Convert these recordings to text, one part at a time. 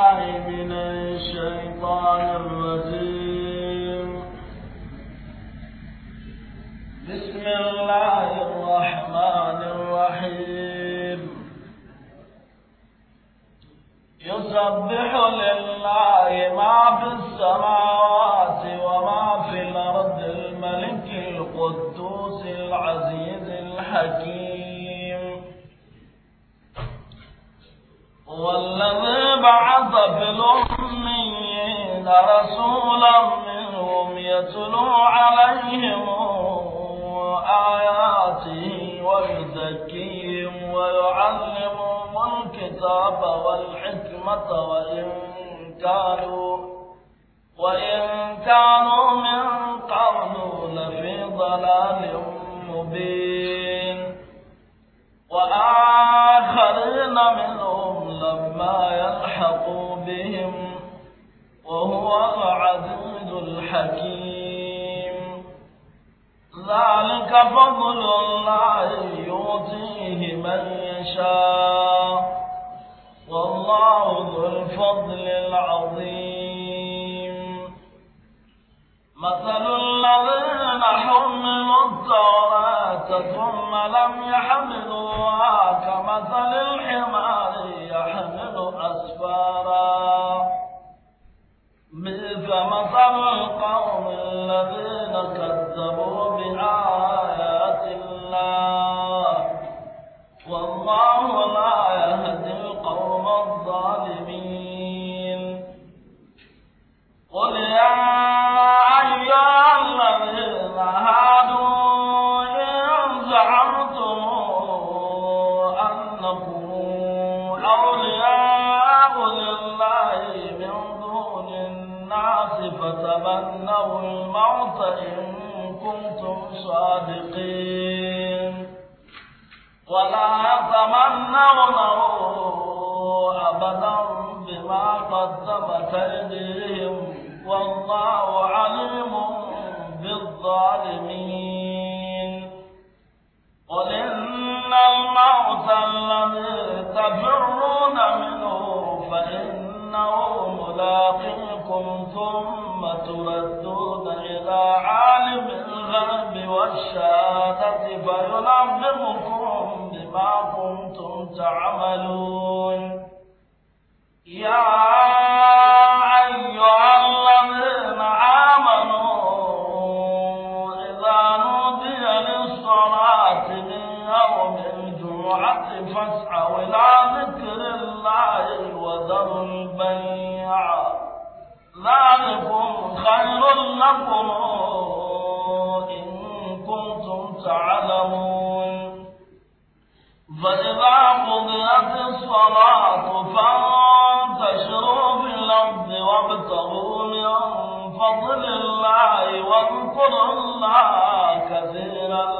بالله من الشيطان الرجيم بسم الله الرحمن الرحيم يسبح لله ما في السماوات وما في الأرض الملك القدوس العزيز الحكيم والذي بعث في رسولا منهم يتلو عليهم آياته ويزكيهم ويعلمهم الكتاب والحكمة وإن كانوا وإن كانوا من قبل لفي ضلال مبين وآخرين منهم لما يلحقوا بهم وهو العزيز الحكيم ذلك فضل الله يؤتيه من يشاء والله ذو الفضل العظيم مثل الذين حملوا التوراة ثم لم يحملوها كمثل الحمار يحمل أسفارا بئس مثل القوم الذين كذبوا بآيات الله والله لا تمنونه أبدا بما قدمت أيديهم والله عليم بالظالمين قل إن الموت الذي تفرون منه فإنه ملاقيكم ثم تردون إلى عالم الغرب والشهادة فينبئكم بما كنتم تعملون يا أيها الذين آمنوا إذا نودي للصلاة من يوم الجمعة فاسعوا إلى ذكر الله وذروا البيع ذلكم خير لكم وقضيت الصلاة فانتشروا في الأرض وابتغوا من فضل الله واذكروا الله كثيرا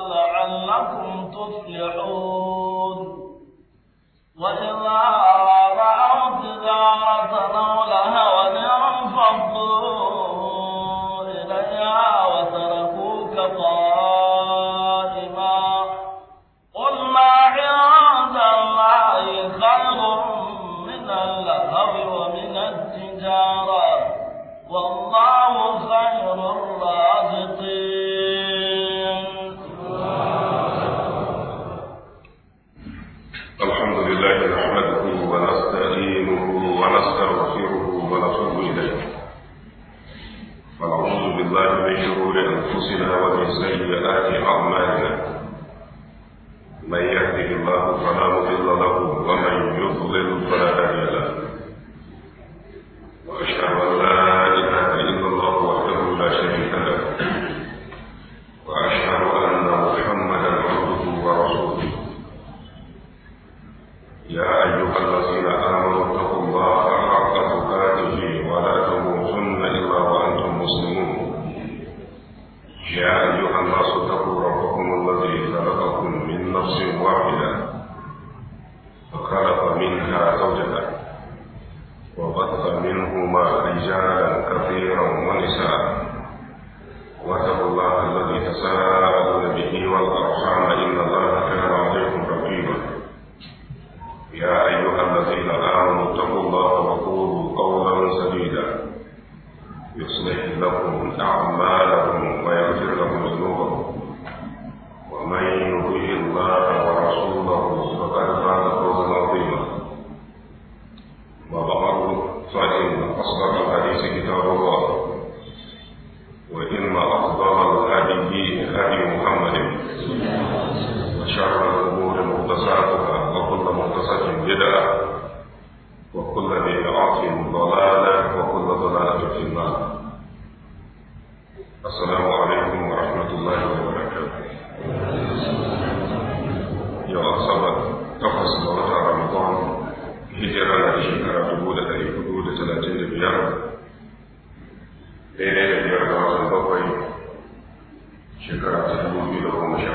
biyar daidai da biyar ga watan bakwai shekara ta dubu biyu da goma sha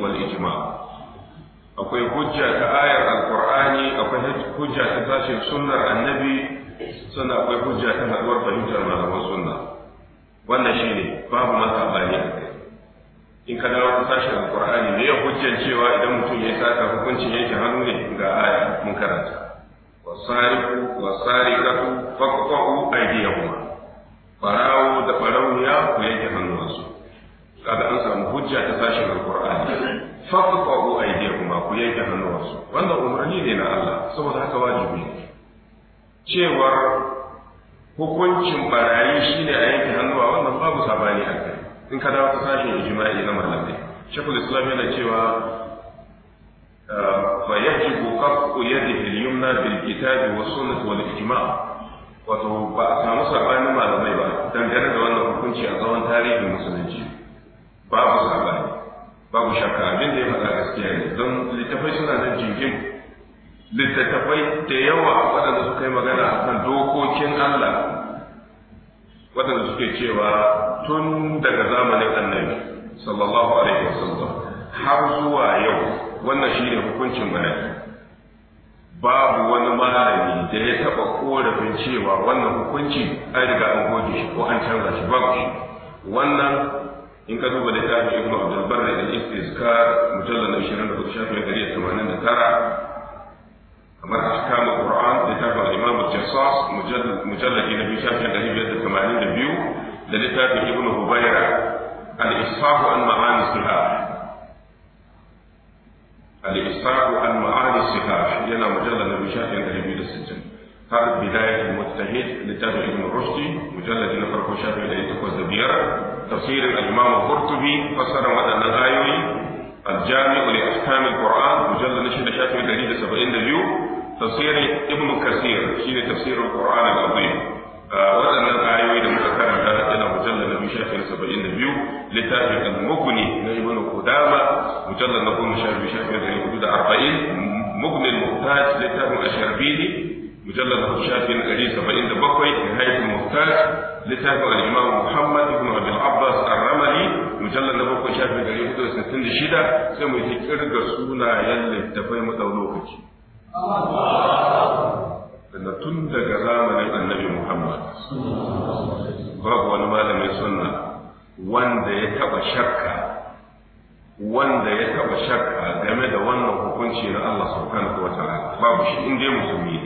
wal ijma akwai hujja ta ayar alqur'ani akwai hujja ta tashin sunnar annabi sannan akwai hujja ta haduwar fahimtar malaman sunna wannan shine babu masabani in ka dawo ta tashin alqur'ani ne ya hujjan cewa idan mutum ya saka hukuncin yake hannu ne ga aya mun karanta wasariku wasarikatu faqta'u aydiyahuma farawo da ya ku yanke hannuwansu kada an samu hujja ta sashen alkur'ani faqfa'u aydiyakum ku yanke hannuwansu wannan umarni ne na Allah saboda haka wajibi ne cewar hukuncin barayi shine a yanke hannuwa wannan babu sabani a kai in ka dawo ta sashin ijma'i na malamai shekul islam yana cewa fa yajibu qat'u yadihi al-yumna bil kitabi wa sunnati wal ijma' wato ba a samu sabani malamai ba dangane da wannan hukunci a tsawon tarihin musulunci babu sabani babu shakka abin da ya faɗa gaskiya ne don littafai suna nan jingim littattafai da yawa waɗanda suka yi magana kan dokokin Allah waɗanda suke cewa tun daga zamanin annabi sallallahu alaihi wasallam har zuwa yau wannan shine hukuncin malaki babu wani malami da ya taba korafin cewa wannan hukunci an riga an goge shi ko an canza shi babu shi wannan in ka duba littafin ibnu abdul barri da istizkar mujallal na 24 shafin 189 kamar ahkam al-Qur'an littafin Imam al-Jassas mujalladi na biyu shafin ɗari biyar da tamanin da biyu da littafin Ibn Hubayra al-Isfahu an ma'ani sihah al-Isfahu an ma'ani sihah yana mujallad na biyu shafin ɗari biyu da sittin har bidayat al-Mujtahid littafin Ibn Rushdi mujalladi na farko shafin ɗari takwas da biyar tafsirin al-Imam Qurtubi fassarar waɗannan ayoyi al-Jami'u li Ahkam al-Qur'an mujallal 672 tafsirin Ibn Kathir shine tafsirin Qur'an al-Azim waɗannan ayoyi da muka karanta yana mujallal 672 littafin al-Mughni na Ibn Qudama mujallal 10 shafin 440 Mughni al-Muhtaj littafin Asharbili مجلد الشافعي shafi na ɗari saba'in da bakwai da haifin muhtar littafin al'imam muhammad ibn abdul abbas ar-ramali na bakwai da sittin da shida sai mu kirga sunayen littafai mu ɗau lokaci. tun daga zamanin annabi Muhammad babu wani sunna wanda ya taɓa shakka wanda ya taɓa shakka game da wannan hukunci na Allah subhanahu babu shi musulmi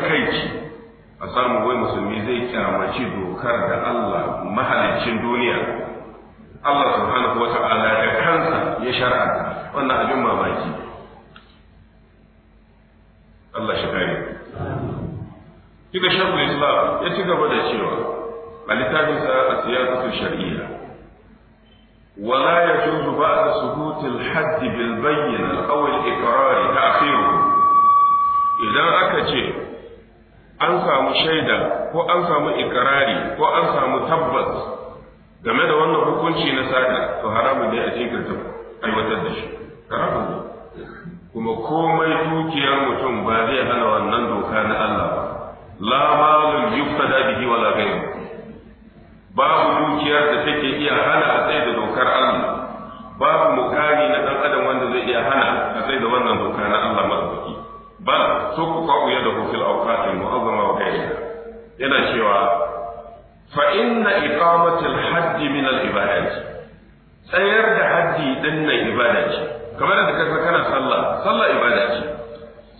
takaici a samu wai musulmi zai kyamaci dokar da Allah mahalicin duniya Allah subhanahu wata'ala da kansa ya shar'anta wannan abin mamaki Allah shi kare kika shafin islam ya ci gaba da cewa a littafinsa a siyasar shari'a ولا يجوز بعد ثبوت الحد بالبين او الاقرار تاخيره idan aka ce an samu shaida ko an samu ikirari ko an samu tabbas game da wannan hukunci na sata to haramun ne a cikin ta aiwatar da shi haramun ne kuma komai dukiyar mutum ba zai hana wannan doka na Allah ba la malun yuftada bihi wala ghayru babu dukiyar da take iya hana a tsaye da dokar Allah babu mukami na dan adam wanda zai iya hana a tsaye da wannan doka na Allah ba bal so ku kwa'u ya da hukil auqatin mu'azzama wa ghayriha yana cewa fa inna iqamatil hajji min al ibadat tsayar da haji din nan ibada ce kamar da kaga kana sallah sallah ibada ce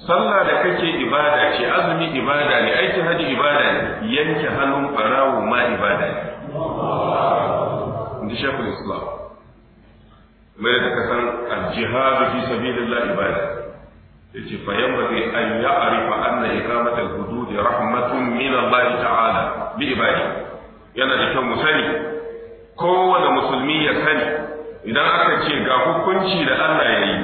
sallah da kake ibada ce azumi ibada ne aikin haji ibada ne yanke hannun barawo ma ibada ne inji shekul islam mai da kasan al jihadu fi sabilillah ibada yace fa yanbaghi an ya'rifa anna ikamata al-hudud rahmatun min Allah ta'ala bi ibadi yana da kyau mu sani kowane musulmi ya sani idan aka ce ga hukunci da Allah ya yi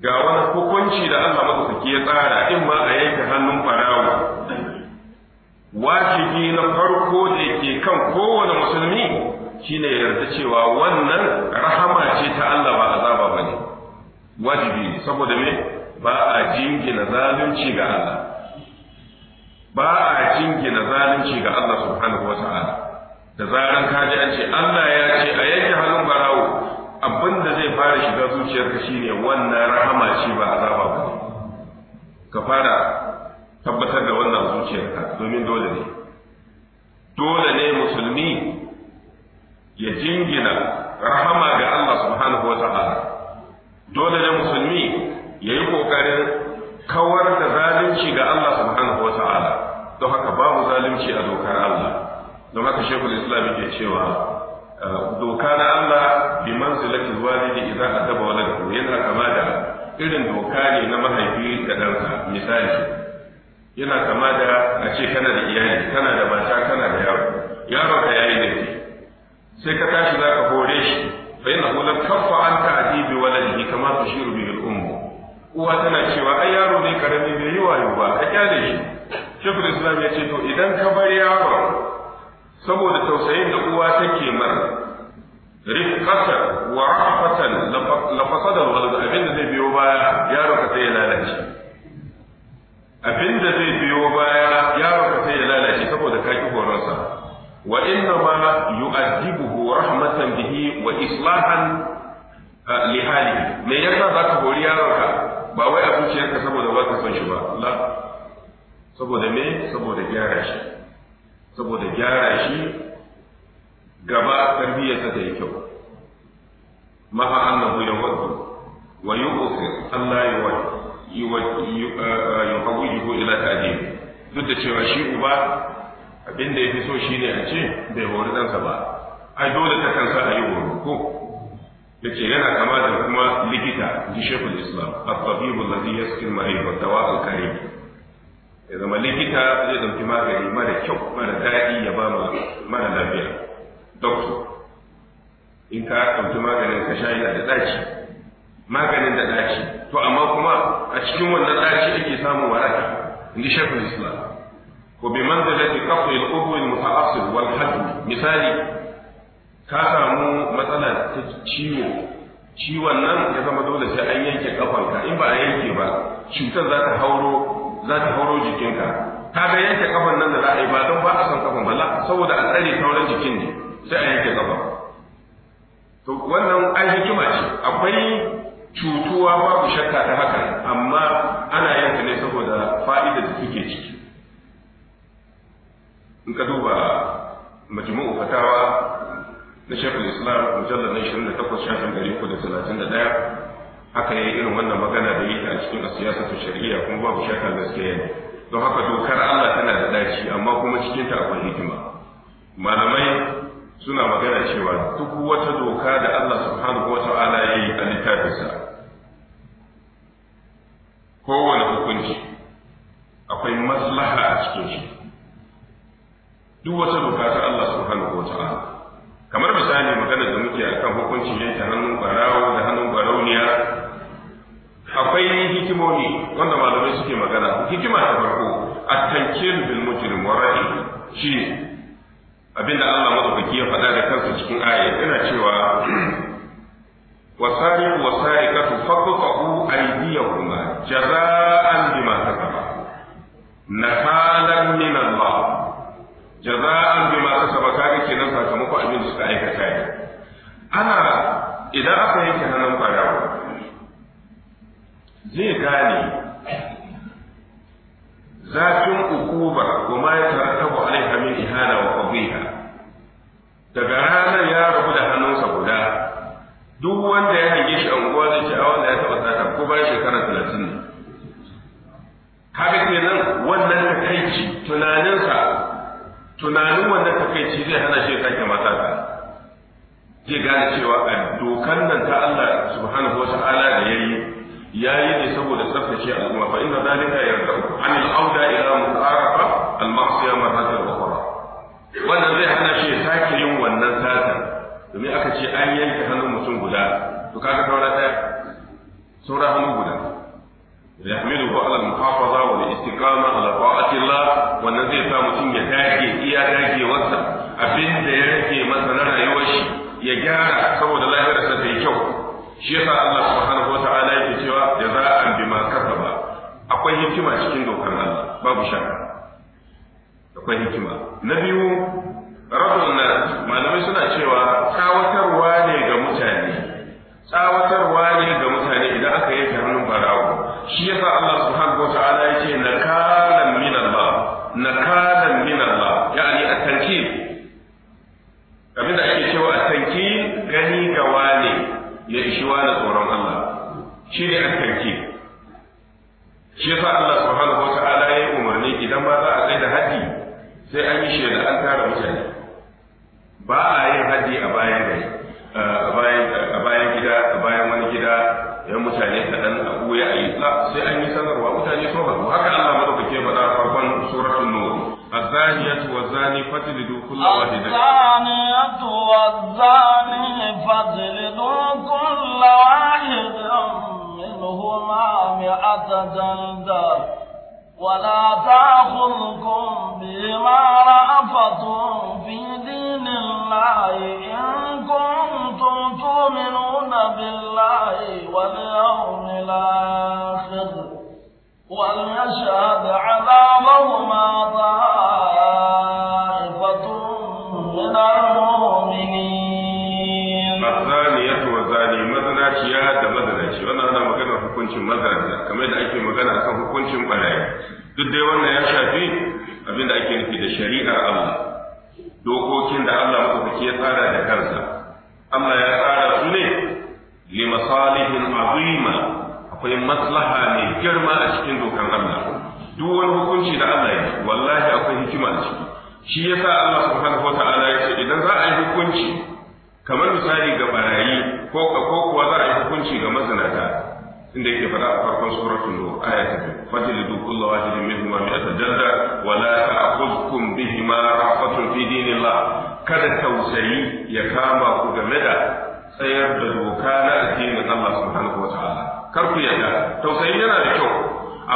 ga wani hukunci da Allah madaukaki ya tsara in ma a yanke hannun farawa wajibi na farko da ke kan kowane musulmi shine yarda cewa wannan rahama ce ta Allah ba azaba bane wajibi saboda me ba a jingina zalunci ga Allah ba a jingina zalunci ga Allah subhanahu wata'ala da zaran ka ji an ce Allah ya ce a yanke hannun barawo abinda zai fara shiga zuciyarka shine wannan rahama ce ba azaba ba ka fara tabbatar da wannan zuciyarka domin dole ne dole ne musulmi ya jingina rahama ga Allah subhanahu wata'ala dole ne musulmi ya yi ƙoƙarin kawar da zalunci ga Allah subhanahu wa ta'ala don haka babu zalunci a dokar Allah don haka shekul islam ke cewa eh, doka na Allah bi manzilati walidi idan adaba waladahu yana kama da irin doka ne na mahaifi da ɗansa misali yana kama da a ce kana da iyali kana da mata kana da yaro yaro ka yayi ne sai ka tashi za ka hore shi fa innahu lam kaffa an ta'dibi waladihi kama tushiru bihi al-ummu uwa tana cewa ai yaro ne karami bai yi wayo ba a kyale shi shekul islam ya ce to idan ka bar yaron saboda tausayin da uwa take mar rifqatan wa rahfatan la fasada al-walad abinda zai biyo baya yaro ka sai ya lalace abinda zai biyo baya yaro ka sai ya lalace saboda ka ki horonsa wa innama yu'addibuhu rahmatan bihi wa islahan uh, li halihi me yasa za ka hori yaronka ba wai a zuciyarka saboda ba ka son shi ba la saboda me saboda gyara shi saboda gyara shi gaba tarbiyyarsa ta yi kyau ma'a annahu yawaddu wa yuqsir Allah yuwaddu uh, yuhawwijuhu ila ta'dib duk da cewa shi uba abin da ya fi so shi ne a ce bai hori ɗansa ba ai dole ta kansa a yi horo ko ya ce yana kama da kuma likita ji shekul islam tafi lafi ya sukin marai wa tawa alkari ya zama likita zai ɗauki magani mara kyau mara daɗi ya ba ma mara lafiya doktor in ka ɗauki maganin ka sha yana da ɗaci maganin da ɗaci to amma kuma a cikin wannan ɗaci ake samun waraka ji shekul islam وبمنزلة قطع الأذن المتأصل والحجم Misali, ka samu matsala ta ciwo ciwon nan ya zama dole sai an yanke kafanka in ba a yanke ba cutar za ta hauro za ta hauro yanke kafan nan da za a yi ba don ba a san kafan ba saboda a tsare sauran jikin ne sai a yanke kafan to wannan ai hikima ce akwai cutuwa babu shakka ta haka amma ana yanka ne saboda fa'idar da suke ciki in ka duba majmu'u fatawa na shekul islam mujallar na 28 shafin 331 haka ya irin wannan magana da yi a cikin siyasar shari'a kuma babu shakka gaskiya ne don haka dokar Allah tana da daci amma kuma cikin ta akwai hikima malamai suna magana cewa duk wata doka da Allah subhanahu wa ta'ala ya yi a littafinsa kowane hukunci akwai maslaha a cikin shi duk wata doka ta Allah subhanahu wata'ala kamar misali magana da muke akan hukuncin yanke hannun barawo da hannun barauniya akwai hikimomi wanda malamai suke magana hikima ta farko at-tankiru bil mujrim wa ra'ihi shi abinda Allah madaukaki ya faɗa da kansa cikin aya yana cewa wasariqu wasariqatu faqtu aydiyahuma jarra'an bima kasaba nakalan min jaza'an ma kasaba kaga kenan sakamakon abin da suka aikata ne ana idan aka yanke hannun farawa zai gane zafin ukuba kuma ya tarattabu alaiha min ihana wa qadhiha daga ranar ya rabu da hannunsa guda duk wanda ya hange shi a da shi a wanda ya taba sata ko bayan shekara talatin ne kaga kenan wannan takaici tunanin tunanin wannan takaici zai hana shi sake mata ta zai gane cewa a dokan nan ta Allah subhanahu ta'ala da yayi yayi ne saboda tsaftace al'umma fa inna dalika yarda an al'auda auda ila mutarafa al-ma'siya marratan ukhra wannan zai hana shi sake yin wannan sata domin aka ce an yanke hannun mutum guda to kaga saura daya saura hannu guda yahmiluhu ala al-muhafaza wa al-istiqama ala ta'atillah wannan zai sa mutum ya dage iya dagewarsa abin ya rage masa na rayuwarshi, ya gyara saboda lafiyarsa ta kyau shi yasa Allah subhanahu wa ta'ala yake cewa jaza'an bima kasaba akwai hikima cikin dokar Allah babu shakka akwai hikima na biyu rabin nan malamai suna cewa tsawatarwa ne ga mutane tsawatarwa ne ga mutane idan aka yanke hannun barawo shi yasa Allah subhanahu wata'ala yake nakalan min Allah nakalan min Allah yani at-tankil abinda ake cewa a tankil gani ga wane ya ishi wani tsoron Allah shi ne at-tankil shi yasa Allah subhanahu wata'ala ya umarni idan ba za a kai da haji sai an yi shaida an tara mutane ba a yin haji a bayan gari a bayan gida a bayan wani gida yan mutane kaɗan a ɓuya a yi sai an yi sanarwa mutane sun haɗu haka Allah madaukake faɗa a farkon suratul nur الزانية والزاني فاجلدوا كل واحد الزانية والزاني فاجلدوا كل واحد منهما مئة جلدة ولا تأخذكم بما رأفتم في دين الله إن كنتم تؤمنون بالله واليوم الآخر وليشهد عذابهما طائفة من المؤمنين hukuncin mazarata kamar da ake magana akan hukuncin barayi duk dai wannan ya shafi abin da ake nufi da shari'ar Allah dokokin da Allah madaukaki ya tsara da kansa Allah ya tsara su ne li masalihin azima akwai maslaha mai girma a cikin dokar Allah duk wani hukunci da Allah ya wallahi akwai hikima a ciki shi yasa Allah subhanahu wataala ya ce idan za a yi hukunci kamar misali ga barayi ko kuwa za a yi hukunci ga mazinata inda yake faɗa a farkon suratun nur aya ta biyu fajlidu kullu wahidin minhuma mi'ata jalda wa la ta'khudhukum bihima rafatun fi dinillah kada tausayi ya kama ku game da tsayar da doka na addinin Allah subhanahu wa ta'ala kar ku yarda tausayi yana da kyau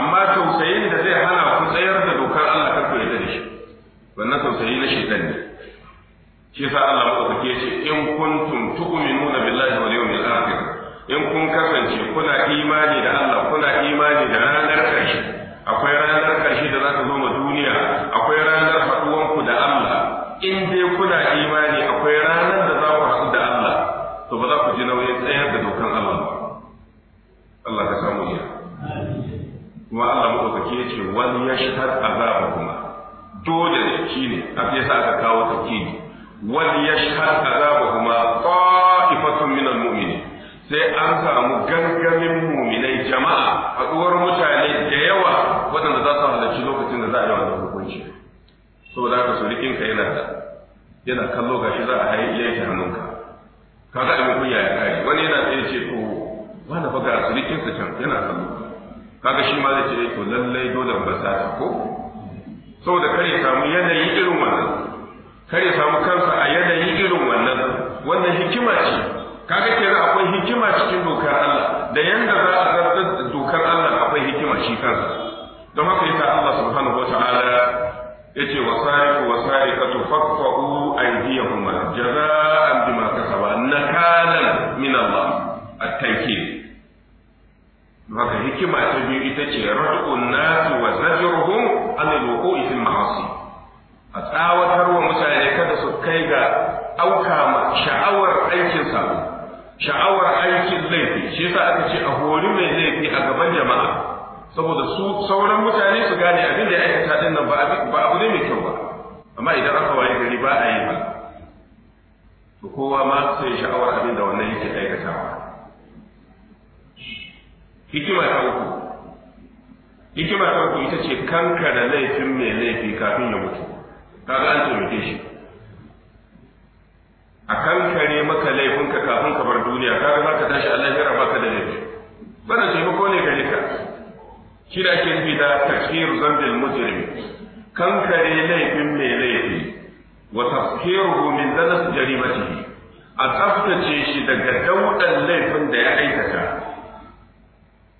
amma tausayin da zai hana ku tsayar da dokar Allah kar ku yarda da shi wannan tausayi na shaitan ne shi sa Allah madaukake ce in kuntum tu'minuna billahi wal yawmil akhir in kun kasance kuna imani da Allah kuna imani da ranar ƙarshe akwai ranar ƙarshe da za ta zo ma duniya akwai ranar faɗuwanku da Allah in dai kuna imani akwai ranar da za ku haɗu da Allah to ba za ku ji nauyin tsayar da dokan Allah ba Allah ka samu iya kuma Allah maɗaukaki ya ce wani ya shahar azaba kuma dole ne shi ne a fiye sa aka kawo takini wani ya shahar azaba kuma ta'ifatun minal mu'minin sai an samu gangamin muminai jama'a haɗuwar mutane da yawa waɗanda za su halarci lokacin da za a yi wannan hukunci saboda haka surikin kinka yana da yana kallo gashi za a haye yanke hannunka kaga abin kunya ya kai wani yana tsaye ce to oh, wani faga a surikin sa can yana kallo ga shi ma zai ce eh, to lallai dole ba za ta ko saboda kare samu yanayi irin wannan kare samu kansa a yanayi irin wannan wannan hikima ce kaga kenan akwai hikima cikin dokar Allah da yanda za a zartar da dokar Allah akwai hikima shi kansa don haka yasa Allah subhanahu ta'ala yace wasariqu wasariqatu faqfa'u aydiyahuma jazaa'an bima kasaba nakalan min Allah at-tankid haka hikima ta biyu ita ce rad'un nas wa zajruhum an al-wuqu'i fil ma'asi a tsawatar wa mutane kada su kai ga auka ma sha'awar aikin sabo sha'awar aikin laifi shi yasa aka ce a hori mai laifi a gaban jama'a saboda su sauran mutane su gane abin da ya aikata din nan ba abu ne mai kyau ba amma idan aka waye gari ba a yi ba to kowa ma sai sha'awar abin da wannan yake aikatawa hikima ta uku hikima ta uku ita ce da laifin mai laifi kafin ya mutu nau'ukan laifin da ya aikata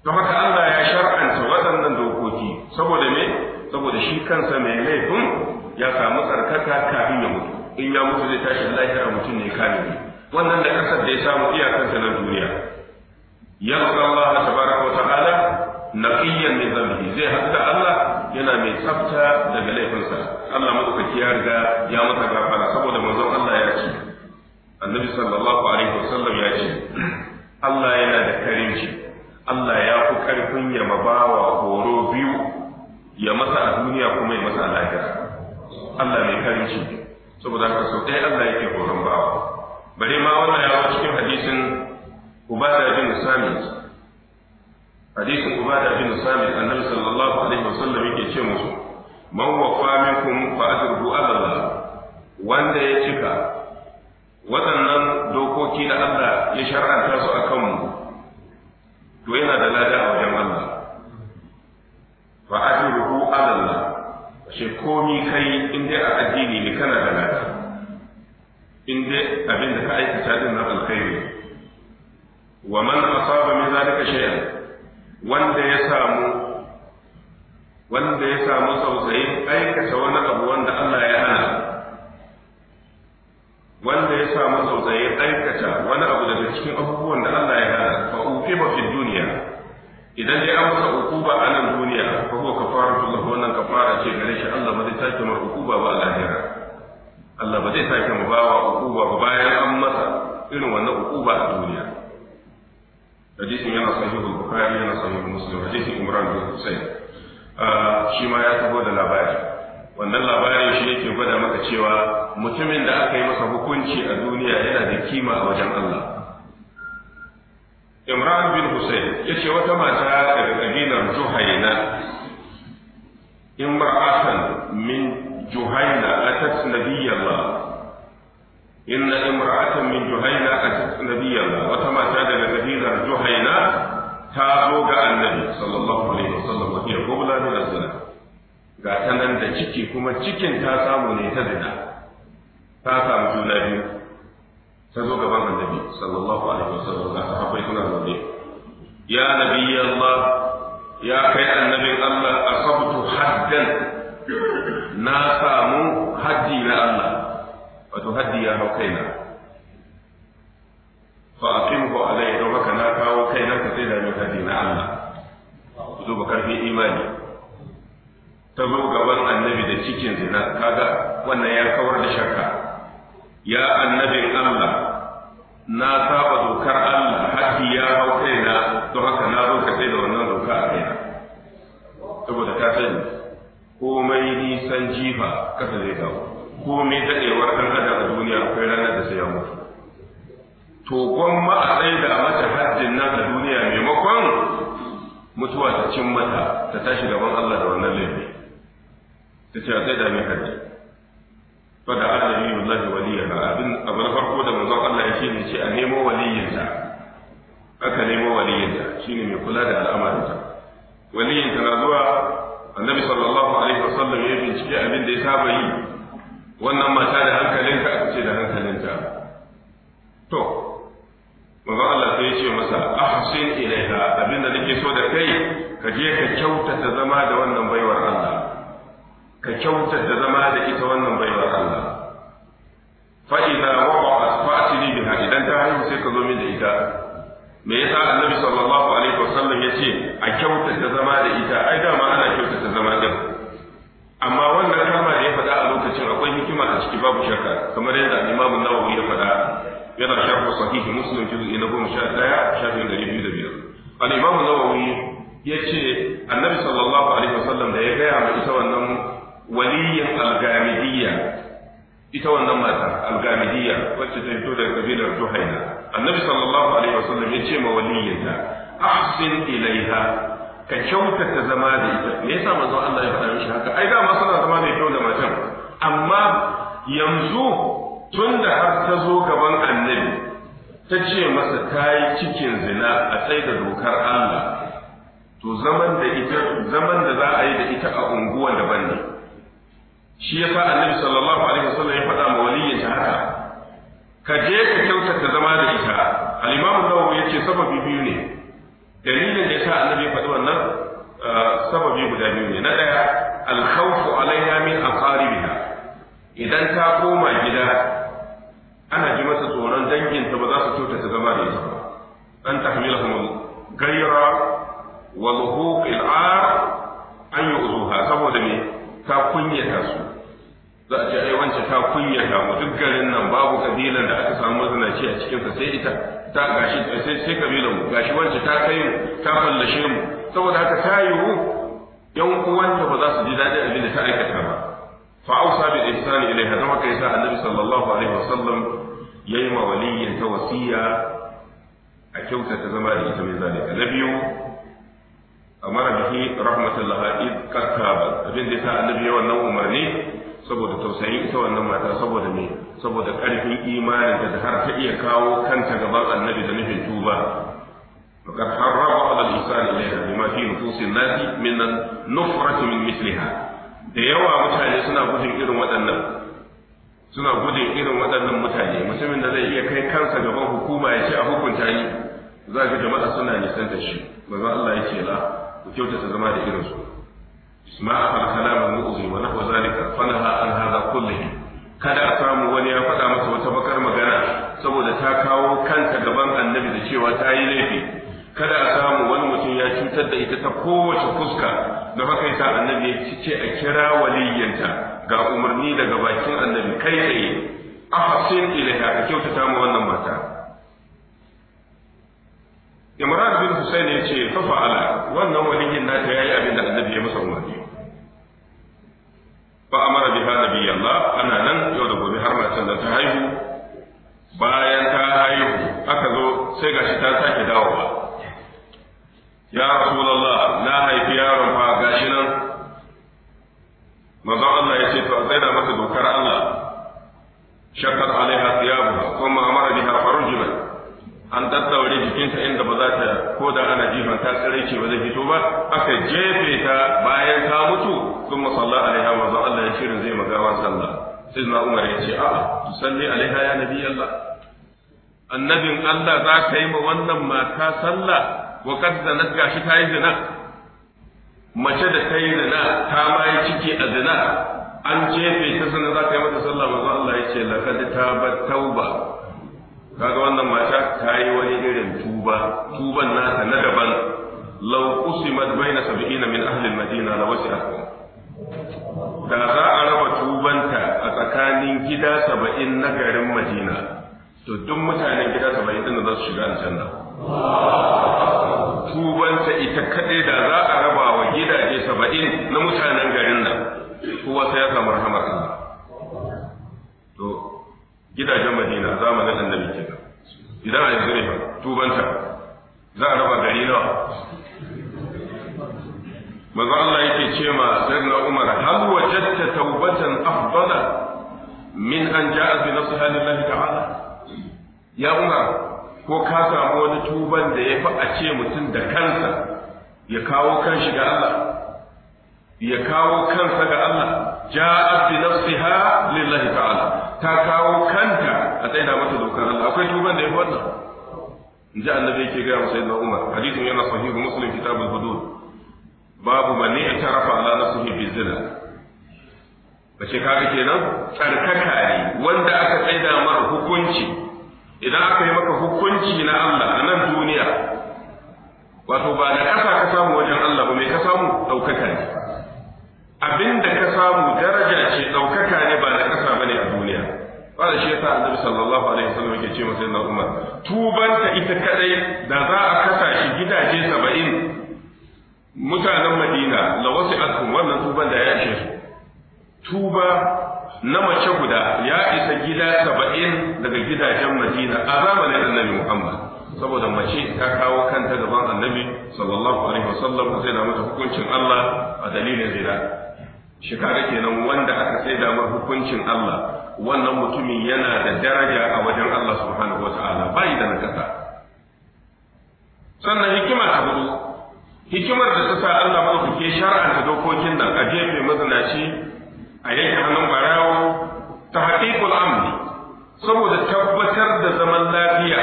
don haka Allah ya shar'anta waɗannan dokoki saboda me saboda shi kansa mai laifin ya samu tsarkaka kafin ya mutu in ya mutu zai tashi lahira mutum ne kamili wannan da kasar da ya samu sallallahu alaihi wasallam ga ya nabi Allah ya kai annabin Allah asabtu haddan na samu haddi na Allah wato haddi ya hau kaina fa aqimhu alai don haka na kawo kaina ka sai da mai haddi na Allah ku zo ba imani ta zo gaban annabi da cikin zina kaga wannan ya kawar da shakka ya annabin Allah na saba dokar Allah hakki ya hau kaina don haka na zo ka da wannan doka a kaina saboda ka sani komai nisan jifa kasa zai dawo komai daɗewar kan adam a duniya akwai ranar da sai ya mutu to a da mata hajjin nan a duniya maimakon mutuwa ta cin mata ta tashi gaban Allah da wannan laifi ta ce a tsaye da mai hajji fa da Allah ne wallahi waliya ga abin abu na farko da manzon Allah ya ce ne ce a nemo waliyinsa aka nemo waliyinsa shine mai kula da al'amarinsa waliyinsa na zuwa annabi sallallahu alaihi wasallam ya bincike abin da ya saba yi wannan mata da hankalinka aka ce da hankalinta to manzon Allah sai ya ce masa ahsin ilaiha abinda nake so da kai ka je ka kyautata zama da wannan baiwar Allah ka kyautata zama da ita wannan baiwar Allah fa idza waqa'at fa'tini biha idan ta haihu sai ka zo min da ita me yasa annabi sallallahu alaihi wasallam yace a da zama da ita ai dama ana kyautata zama din amma wannan kalma da ya faɗa a lokacin akwai hikima a ciki babu shakka kamar yadda Imam Nawawi ya faɗa yana sharh sahih Muslim juz'i na 11 shafin 205 al-Imam Nawawi yace Annabi sallallahu alaihi wasallam da ya gaya ya ita wannan waliyin algamidiyya ita wannan mata algamidiyya wacce ta fito daga kabilar duhaina annabi sallallahu alaihi wasallam ya ce ma waliyinta ahsin ilaiha ka kyautata zama da ita me yasa manzo Allah ya faɗa mishi haka ai ma suna zama da kyau da matan amma yanzu tun da har ta zo gaban annabi ta ce masa ta yi cikin zina a tsaye da dokar Allah to zaman da ita zaman da za a yi da ita a unguwan daban ne shi ya sa annabi sallallahu alaihi wasallam ya faɗa ma waliyin haka ka je ka kyautata zama da ita al-imam an-nawawi yace sababi biyu ne dalilin da yasa annabi ya faɗi wannan uh, sababi guda biyu ne na ɗaya al-khawfu alaiha min aqaribiha idan ta koma gida ana ji masa tsoron danginta ba za su kyautata zama da ita ba an tahmilahum gaira wa zuhuq al-ar an yu'zuha saboda me ta kunyata su za a ce ai wancan ta kunyata mu duk garin nan babu kabilan da aka samu mazinaci a cikin sa sai ita ta gashi sai sai kabilan mu gashi wancan ta kai mu ta fallashe mu saboda haka ta yiwu yan uwanta ba za su ji daɗin abin da ta aikata ba fa ausa bil ihsani ilaiha don haka yasa annabi sallallahu alaihi wasallam yayi ma waliyin ta wasiya a kyautata zama da ita mai zalika na biyu mara bihi rahmatullahi id kataba abin da ta annabi yawan nan umarni saboda tausayi ita wannan mata saboda me saboda ƙarfin imanin da har ta iya kawo kanta gaban annabi da nufin tuba فقد حرم على الإنسان إليها بما في نفوس الناس من النفرة min mithliha da yawa mutane suna gudun irin waɗannan suna gudun irin waɗannan mutane mutumin da zai iya kai kansa gaban hukuma ya ce a hukunta ni za ga jama'a suna nisan da shi manzo Allah ya ce la ku kyautata zama da irin su ma fa kalamun mu'zi wa nahwa zalika fanaha an haza kullihi kada a samu wani ya faɗa masa wata bakar magana saboda ta kawo kanta gaban annabi da cewa ta yi laifi kada a samu wani mutum ya cutar da ita ta kowace fuska da haka annabi ya ce a kira waliyyanta ga umarni daga bakin annabi kai tsaye ahsin ilaiha a kyautata ma wannan mata imran bin husayn ya ce fa fa'ala wannan waliyin nata yayi abin da annabi ya masa umarni fa amara biha nabiyallah ana nan yau da gobe har matan da ta haihu bayan ta haihu aka zo sai gashi ta sake dawowa ya rasulullah na haifi yaron fa gashi nan maza Allah ya ce to a tsaida masa dokar Allah shakkat alaiha thiyabuha kuma amara biha farujibat an tattaure jikinta inda ba za ta ko da ana jifan ta tsiraice ba zai fito ba aka jefe ta bayan ta mutu sun masalla alaiha manzo Allah ya shirin zai magawa sallah sai na Umar ya ce a'a tu salli alaiha ya nabi Allah annabin Allah za ka yi ma wannan mata sallah wa na zanat gashi ta yi zina mace da ta yi zina ta ma yi ciki a zina an jefe ta sanar za ka yi mata sallah manzo Allah ya ce ta tabat tauba kaga wannan mata ta yi wani irin tuba tuban nata na daban law qusimat baina sab'ina min ahli al-madina la wasi'atkum da za a raba tubanta a tsakanin gida saba'in na garin madina to duk mutanen gida saba'in din za su shiga aljanna tubanta ita kadai da za a raba wa gidaje saba'in na mutanen garin nan kowa sai ya samu rahamar Allah gidajen madina zamanin annabi kenan idan a yanzu ne ba tubanta za a raba gari nawa manzo Allah yake ce ma sayyidina Umar hal wajadta tawbatan afdala min an ja'a bi nafsiha ta'ala ya Umar ko ka samu wani tuban da ya fi a ce mutum da kansa ya kawo ga Allah ya kawo kansa ga Allah ja'at bi nafsiha lillahi ta'ala ta kawo kanta a tsaida mata dokar Allah akwai tuban da yafi wannan in ji annabi yake ga musayyid na Umar hadisin yana sahihu muslim kitabul hudud babu man tarafa ala nafsihi bi zina bace kaga kenan tsarkaka ne wanda aka tsaida mara hukunci idan aka yi maka hukunci na Allah a nan duniya wato ba da ƙasa ka samu wajen Allah ba mai ka samu ɗaukaka ne abin da ka samu daraja ce ɗaukaka ne ba da ƙasa ne a duniya Ba da shi yasa annabi sallallahu alaihi wasallam yake ce masa na umar tubanta ita kadai da za a kasa shi gidaje 70 mutanen madina la wasu akum wannan tuban da ya ishe tuba na mace guda ya isa gida 70 daga gidajen madina a zamanin annabi muhammad saboda mace ta kawo kanta gaban annabi sallallahu alaihi wasallam sai na mata hukuncin Allah a dalilin zina shekara kenan wanda aka sai damar hukuncin Allah wannan mutumin yana da daraja a wajen Allah subhanahu wata'ala bai da nakasa sannan hikima ta hudu hikimar da ta sa Allah ke shar'anta dokokin nan a jefe mazinaci a yanke hannun barawo ta haqiqul amni saboda tabbatar da zaman lafiya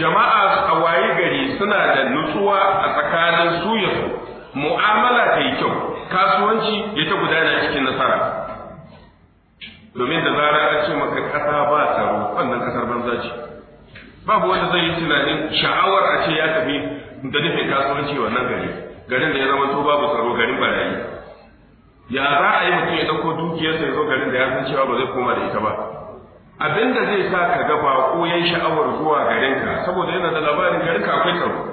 jama'a a waye gari suna da nutsuwa a tsakanin su mu'amala ta yi kyau kasuwanci ya ta gudana cikin nasara domin da zarar an ce maka ƙasa ba tsaro wannan ƙasar banza ce babu wanda zai yi tunanin sha'awar a ce ya tafi da nufin kasuwanci wannan gari garin da ya zama to babu tsaro garin barayi ya za a yi mutum ya ɗauko dukiyarsa ya zo garin da ya san cewa ba zai koma da ita ba abin da zai sa ka ga baƙo ya sha'awar zuwa garinka saboda yana da labarin garinka akwai tsaro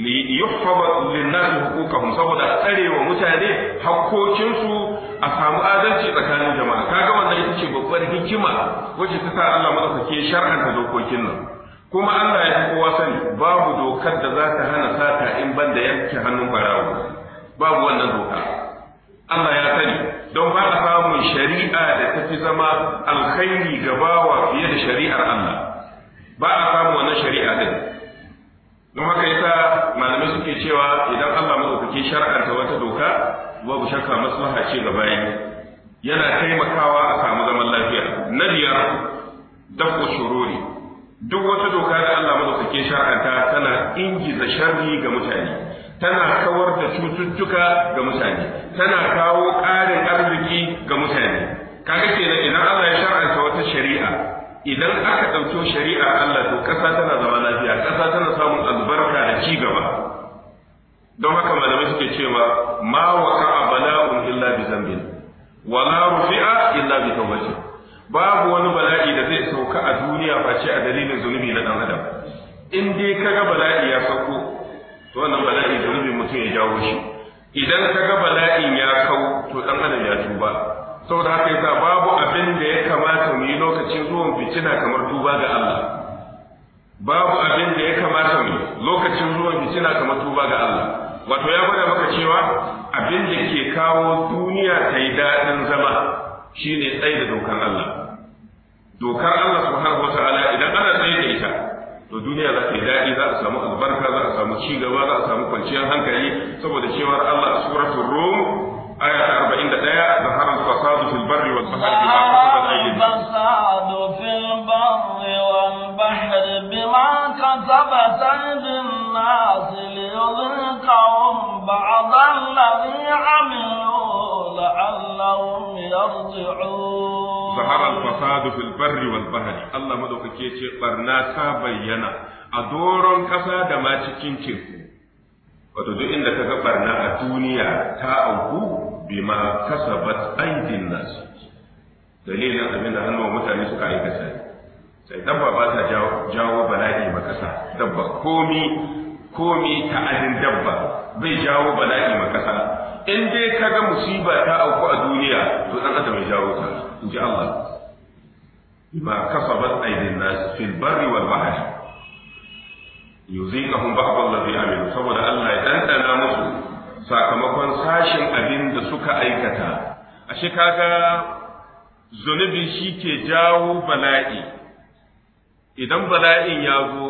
li yuhfaba lin-nasi huquqahum saboda tsarewa mutane hakkokinsu a samu adalci tsakanin jama'a kaga wannan ita ce babbar hikima wacce ta sa Allah madaukake shar'anta dokokin nan kuma Allah ya fi kowa sani babu dokar da za ta hana sata in banda yanke hannun barawo babu wannan doka Allah ya sani don ba a samun shari'a da ta fi zama alkhairi ga bawa fiye da shari'ar Allah ba a samu wannan shari'a din shar'anta wata doka babu shakka maslaha ce ga bayan yana taimakawa a samu zaman lafiya na biyar dafu shururi duk wata doka da Allah madaukake shar'anta tana ingiza sharri ga mutane tana kawar da cututtuka ga mutane tana kawo ƙarin arziki ga mutane kaga kenan idan Allah ya shar'anta wata shari'a idan aka ɗauko shari'a Allah to ƙasa tana zama lafiya ƙasa tana samun albarka da ci gaba don haka malamai suke cewa ma waqa'a bala'un illa bi zambin wa la rufi'a illa bi tawbati babu wani bala'i da zai sauka a duniya face a dalilin zunubi na dan adam in dai kaga bala'i ya sauko to wannan bala'i zunubin mutum ya jawo shi idan kaga bala'in ya kau to dan adam ya tuba saboda haka yasa babu abin da ya kamata mu yi lokacin zuwan fitina kamar tuba ga Allah babu abin da ya kamata mu lokacin zuwan fitina kamar tuba ga Allah wato ya gwada maka cewa abin da ke kawo duniya ta yi daɗin zama shi ne tsaye da dokar Allah dokar Allah subhanahu ala idan ana tsaye da ita to duniya za ta yi daɗi za a samu albarka za a samu ci gaba za a samu kwanciyar hankali saboda cewar Allah a suratul Rom آية 41 ظهر الفساد في البر والبحر بما كسبت أيدي الفساد في البر والبحر بما كسبت أيدي الناس ليذيقهم بعض الذي عملوا لعلهم يرجعون ظهر الفساد في البر والبحر الله مدوكake ce barna ta bayyana a doron kasa da ma cikin teku wato duk inda ka ga barna a duniya ta auku بما كسبت أيدي الناس دليل أن أنا ومتى نسك أي كسر دبا باتا جاو جاو بلاي مكسا دبا كومي كومي تأذن دبا بي جاو بلاي مكسا إن دي كذا مصيبة تأوك الدنيا تقول أنا جاو تأذن إن جاء الله بما كسبت أيدي الناس في البر والبحر يذيقهم بعض الذي عملوا فقد الله يتنتنا مصر sakamakon sashin abin da suka aikata ashe kaga zunubi shi ke jawo bala'i idan bala'in ya zo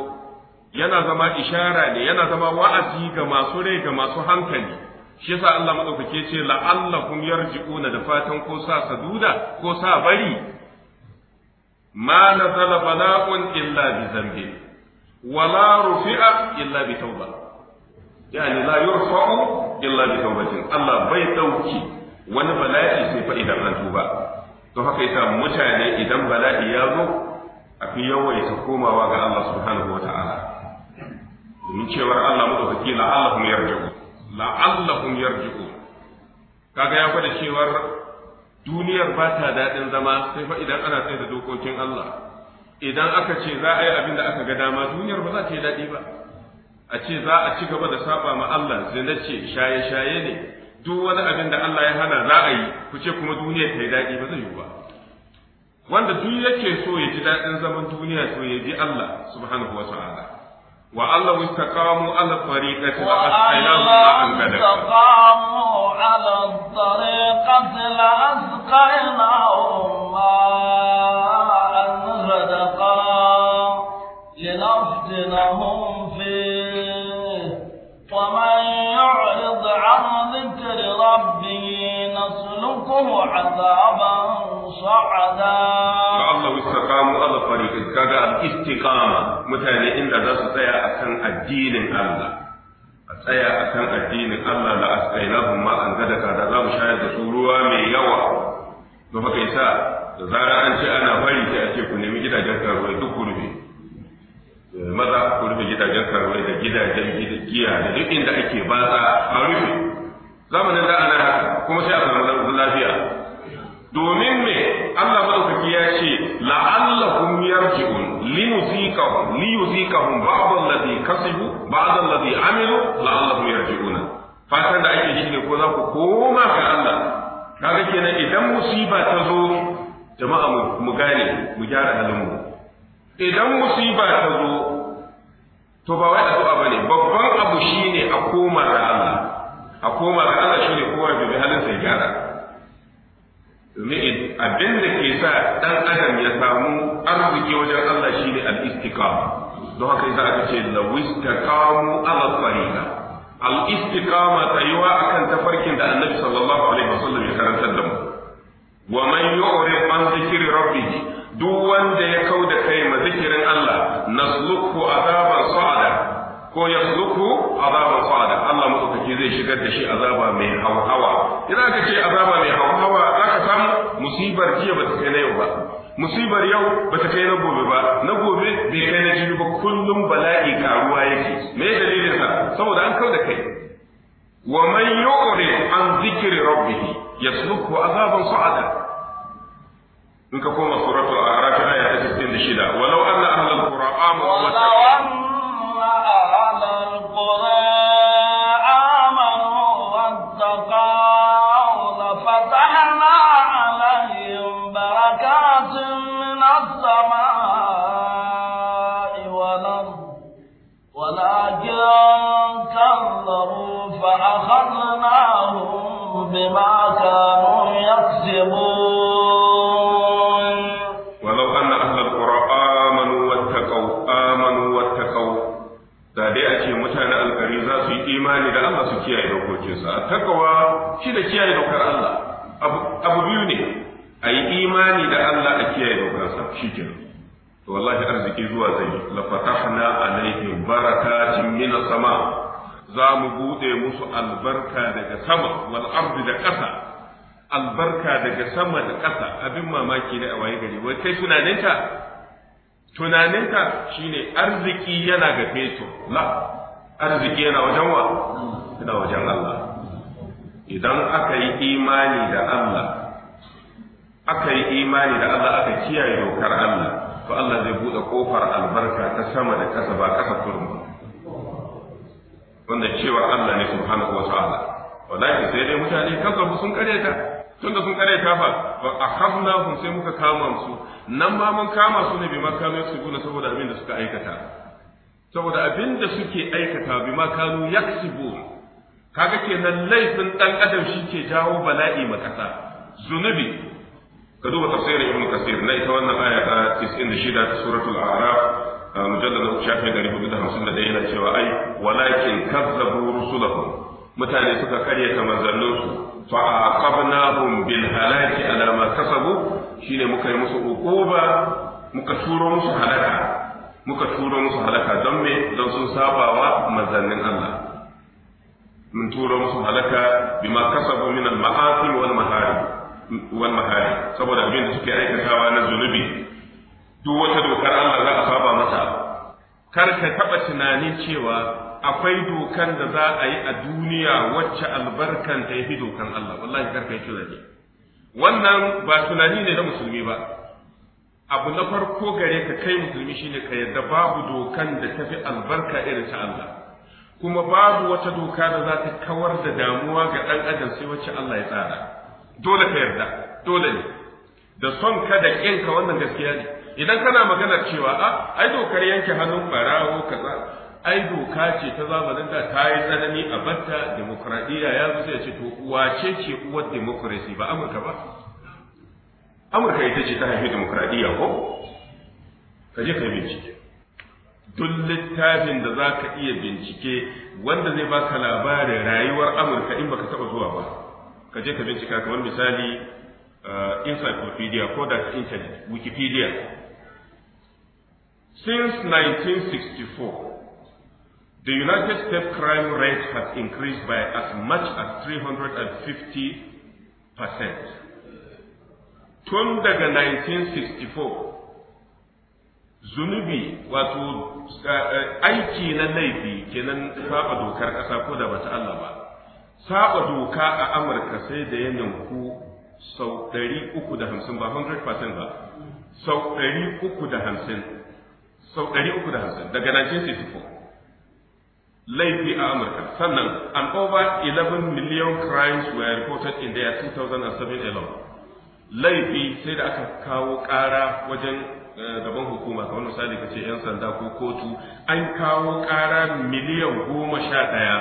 yana zama ishara ne yana zama wa'azi ga masu rai ga masu hankali shi yasa Allah madaukake ce la'allakun yarji'una da fatan ko sa saduda ko sa bari ma nazala bala'un illa bi zambi wala rufi'a illa bi tauba yani la yurfa'u illa bi tawbatin Allah bai dauki wani bala'i sai fa idan an tuba to haka yasa mutane idan bala'i ya zo a fi yawaita komawa ga Allah subhanahu wata'ala domin cewar Allah madaukaki la'allahum yarji'u la'allahum yarji'u kaga ya gwada cewar duniyar ba ta daɗin zama sai fa idan ana tsaye da dokokin Allah idan aka ce za a yi abin da aka ga dama duniyar ba za ta yi daɗi ba a ce za a ci gaba da saba ma Allah zina ce shaye-shaye ne duk wani abin da Allah ya hana za a yi ku ce kuma duniya ta yi daɗi ba zai yi ba wanda duk yake so ya ji daɗin zaman duniya to ya bi Allah subhanahu wa ta'ala wa Allah istaqamu ala tariqati la asqaynahu ma'an ala tariqati la asqaynahu ma'an يعرض عن ذكر ربه نسلكه عذابا صعدا فالله استقاموا على طريق كذا الاستقامة مثلا إن ذا ستيا أكن الدين الله tsaya a kan addinin Allah da asqainahum ma an gada kada shayar da su ruwa mai yawa don haka yasa da zarar an ce ana fari sai ake ku nemi gidajen karuwai duk ku maza ko rufe gidajen karuwai da gidajen giya da duk inda ake batsa a rufe zamanin da ana haka kuma sai a samu lafiya domin me Allah madaukaki ya ce la'allahum yarji'un linuzikahum liyuzikahum ba'd alladhi kasibu ba'd alladhi amilu la'allahum yarji'un fatan da ake shi ne ko za ku koma ga Allah kaga kenan idan musiba ta zo jama'a mu gane mu gyara halin mu idan musiba ta zo to ba wai addu'a bane babban abu shine a koma ga Allah a koma ga Allah shine kowa ya bi halin sai gyara domin abin da ke sa dan adam ya samu arziki wajen Allah shine al-istiqama don haka yasa aka ce la wistaqamu ala tariqa al-istiqama tsayuwa akan tafarkin da Annabi sallallahu alaihi wasallam ya karantar da mu wa man yu'rid an zikri rabbih duk wanda ya kau da kai ma zikirin Allah nasluku azaban sa'ada ko yasluku azaban sa'ada Allah madaukaki zai shigar da shi azaba mai hauhawa idan ka ce azaba mai hauhawa zaka samu musibar jiya ba ta kai na yau ba musibar yau ba ta kai na gobe ba na gobe bai kai na jibi ba kullum bala'i karuwa yake me dalilin sa saboda an kauda kai wa man yuqri an zikri rabbih yasluku azaban sa'ada in ka koma shida walau anna ahlul qura amanu wa ولكن كذبوا فأخذناهم بما كانوا kiyaye dokar Allah abu biyu ne a yi imani da Allah a kiyaye sa shi ke wallahi arziki zuwa zai la fatahna alaihim barakatin min sama za mu bude musu albarka daga sama wal ardi da ƙasa albarka daga sama da ƙasa abin mamaki ne a waye gari wai kai tunaninka tunaninka shine arziki yana ga fetur la arziki yana wajen wa yana wajen Allah idan aka yi imani da Allah aka yi imani da Allah aka kiyaye dokar Allah to Allah zai buɗe kofar albarka ta sama da ƙasa ba ƙasa kurum wanda cewa Allah ne subhanahu wa ta'ala wallahi sai dai mutane kansu sun kareta tunda sun kareta fa wa akhadnahum sai muka kama su nan ba mun kama su ne bi su guna saboda abin da suka aikata saboda abin da suke aikata bi makanu yaksibu kaga kenan laifin dan adam shi ke jawo bala'i ma kasa zunubi ka duba tafsirin ibnu kasir na ita wannan aya ta 96 ta suratul a'raf mujallad shafi 451 yana cewa ai walakin kazzabu rusulahum mutane suka karyata manzanninsu fa aqabnahum bil halaki ala ma kasabu shine muka yi musu uquba muka turo musu halaka muka turo musu halaka don me don sun sabawa manzannin Allah mun tura musu halaka bima kasabu min al-ma'asim wal maharib saboda abin suke aikatawa na zunubi duk wata dokar Allah za a saba mata kar ka taɓa tunanin cewa akwai dokar da za a yi a duniya wacce albarkan ta yi dokan Allah wallahi kar ka yi tunani wannan ba tunani ne na musulmi ba abu na farko gare ka kai musulmi shine ka yarda babu dokan da tafi albarka irin ta Allah kuma babu wata doka da za ta kawar da damuwa ga ɗan adam sai wacce Allah ya tsara dole ka yarda dole ne da son ka da ƙinka wannan gaskiya ne idan kana maganar cewa a ah, ai dokar yanke hannun barawo kaza ai doka ce ta zamanin da ta yi tsanani a batta demokradiyya ya zo sai ce to wace ce uwar demokrasi ba amurka ba amurka ita ce ta haifi demokradiyya ko ka je ka yi bincike duk littafin da za ka iya bincike wanda zai baka labarin rayuwar amurka in baka taba zuwa ba ka je ka bincika kamar misali uh, encyclopedia ko da internet wikipedia since 1964 the united states crime rate has increased by as much as 350 percent tun daga 1964 zunubi wato eh, aiki na laifi kenan saba dokar ƙasa ko da bata Allah ba saba doka a Amurka sai da ya ninku sau 350 ba 100% ba sau 350 sau 350 daga 1964 laifi a Amurka sannan an over 11 million crimes were reported in year 2007 alone laifi sai da aka kawo ƙara wajen gaban hukuma kamar misali kace yan sanda ko kotu an kawo ƙara miliyan goma sha ɗaya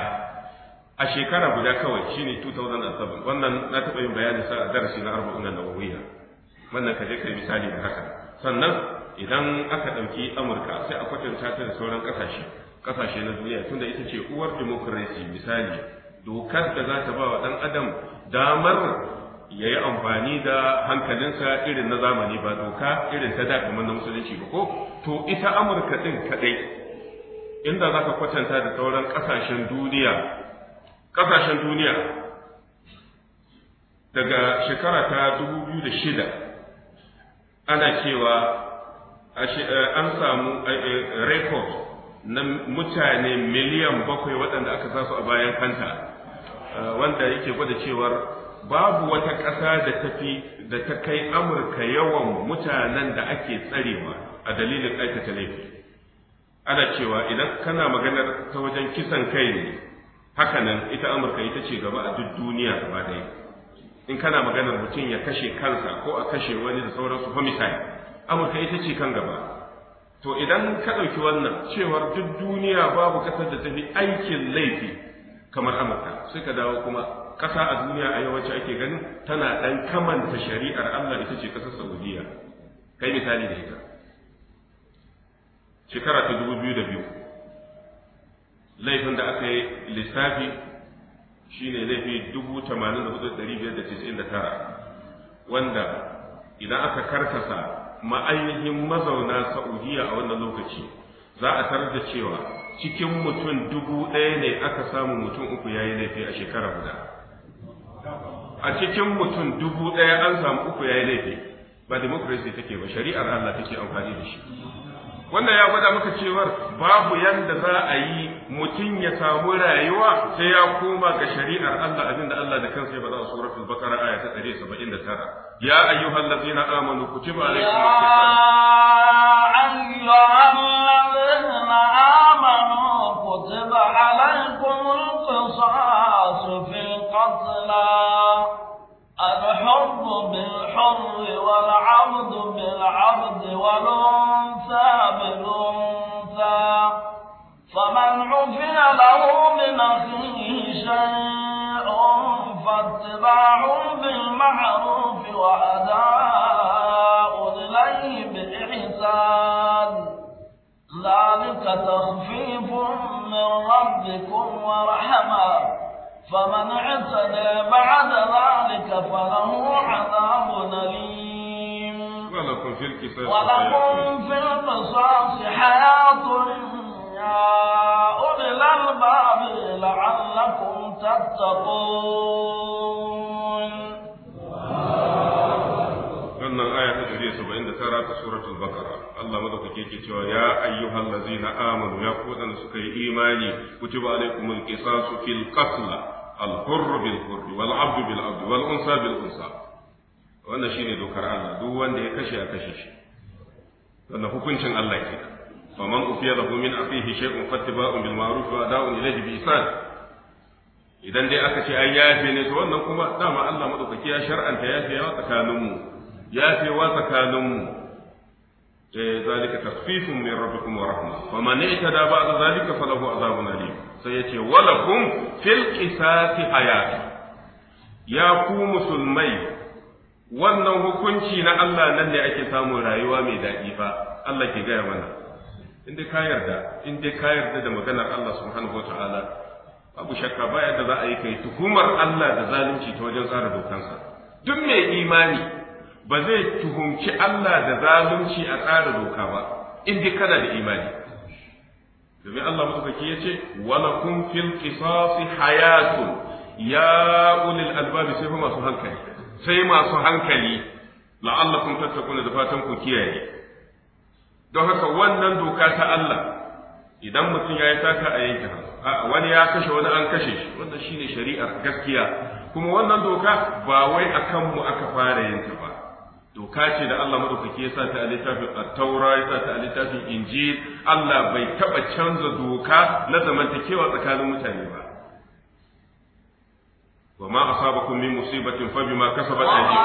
a shekara guda kawai shine 2007 wannan na taɓa yin bayanin sa a darasi na arba'in na wuya wannan kaje kai misali da haka sannan idan aka ɗauki amurka sai a kwatanta ta da sauran ƙasashe ƙasashe na duniya tunda ita ce uwar democracy misali dokar da za ta ba wa ɗan adam damar ya yi amfani da hankalinsa irin na zamani ba doka irin ta da kamar na musulunci ba ko to ita amurka ɗin kaɗai inda za ka kwatanta da sauran ƙasashen duniya ƙasashen duniya daga shekara ta 2006 ana cewa eh, an samu eh, eh, rekod na mutane miliyan bakwai waɗanda aka sa a bayan kanta wanda yake gwada cewar babu wata ƙasa da ta fi da ta kai Amurka yawan mutanen da ake tsarewa a dalilin aikata laifi. Ana cewa idan kana maganar ta wajen kisan kai ne, hakanan ita Amurka ita ce gaba a duk duniya gaba ɗaya. In kana maganar mutum ya kashe kansa ko a kashe wani da sauransu homicide, Amurka ita ce kan gaba. To idan ka ɗauki wannan cewar duk duniya babu ƙasar da ta fi aikin laifi kamar Amurka, sai ka dawo kuma ƙasa a duniya a yawanci ake ganin tana ɗan kamanta shari'ar Allah ita ce ƙasar Saudiya kai misali da ita shekara ta dubu biyu da biyu laifin da aka yi lissafi shine laifi dubu tamanin da hudu ɗari biyar da da tara wanda idan aka karkasa ma'ainihin mazauna Saudiya a wannan lokaci za a tarar da cewa cikin mutum dubu ɗaya ne aka samu mutum uku ya yi laifi a shekara guda a cikin mutum dubu ɗaya an samu uku ya yi laifi ba demokrasi take ba shari'ar Allah take amfani da shi wannan ya gwada maka cewar babu yanda za a yi mutum ya samu rayuwa sai ya koma ga shari'ar Allah abin da Allah da kansa ya bada a suratul baqara aya ta 179 ya ayyuhal ladzina amanu kutiba alaykum القصاص في القتلى الحر بالحر والعبد بالعبد والأنثى بالأنثى فمن عفي له من أخيه شيء فاتباع بالمعروف وأداء إليه بإحسان ذلك تخفيف من ربكم ورحمه فمن اعتدى بعد ذلك فله عذاب أليم ولكم في القصاص ولكم في القصاص حياة يا أولي الألباب لعلكم تتقون ذكرت سورة البقرة الله مدوك كيكي يا أيها الذين آمنوا يا قوتنا سكي إيماني كتب عليكم القصاص في القتل الحر بالحر والعبد بالعبد والأنثى بالأنثى wannan shine dokar Allah duk wanda ya kashe a kashe shi wannan hukuncin Allah ke man ufiya lahu min afihi shay'un fattiba'un bil ma'ruf wa da'un ilayhi bi isan. idan dai aka ce an yafe ne to wannan kuma dama Allah madaukaki ya shar'anta yafewa tsakanin mu yafewa tsakaninmu eh, zalika tasfifun min rabbikum wa rahma faman ihtada ba'da zalika falahu azabun alim sai yace walakum fil qisasi hayat ya ku musulmai wannan hukunci na Allah nan ne ake samun rayuwa mai daɗi fa Allah ke gaya mana in dai ka yarda in dai ka yarda da maganar Allah subhanahu wataala babu shakka ba yadda za a yi kai tuhumar Allah da zalunci ta wajen tsara dokansa duk mai imani ba zai tuhumci Allah da zalunci a tsarin doka ba in dai kana da imani domin Allah madaukaki ya ce walakum fil qisasi hayatun ya ulil albabi sai fa masu hankali sai masu hankali La'alla la'allakum tattaquna da fatan ku kiyaye don haka wannan doka ta Allah idan mutum ya yi taka a yanke wani ya kashe wani an kashe shi wannan shine shari'ar gaskiya kuma wannan doka ba wai akan mu aka fara yin ta ba doka ce da Allah madaukaki ya sa ta a littafin taura ya sa ta a littafin injil Allah bai taba canza doka na zamantakewa tsakanin mutane ba wa ma asabakum min musibatin fa bima kasabat aydikum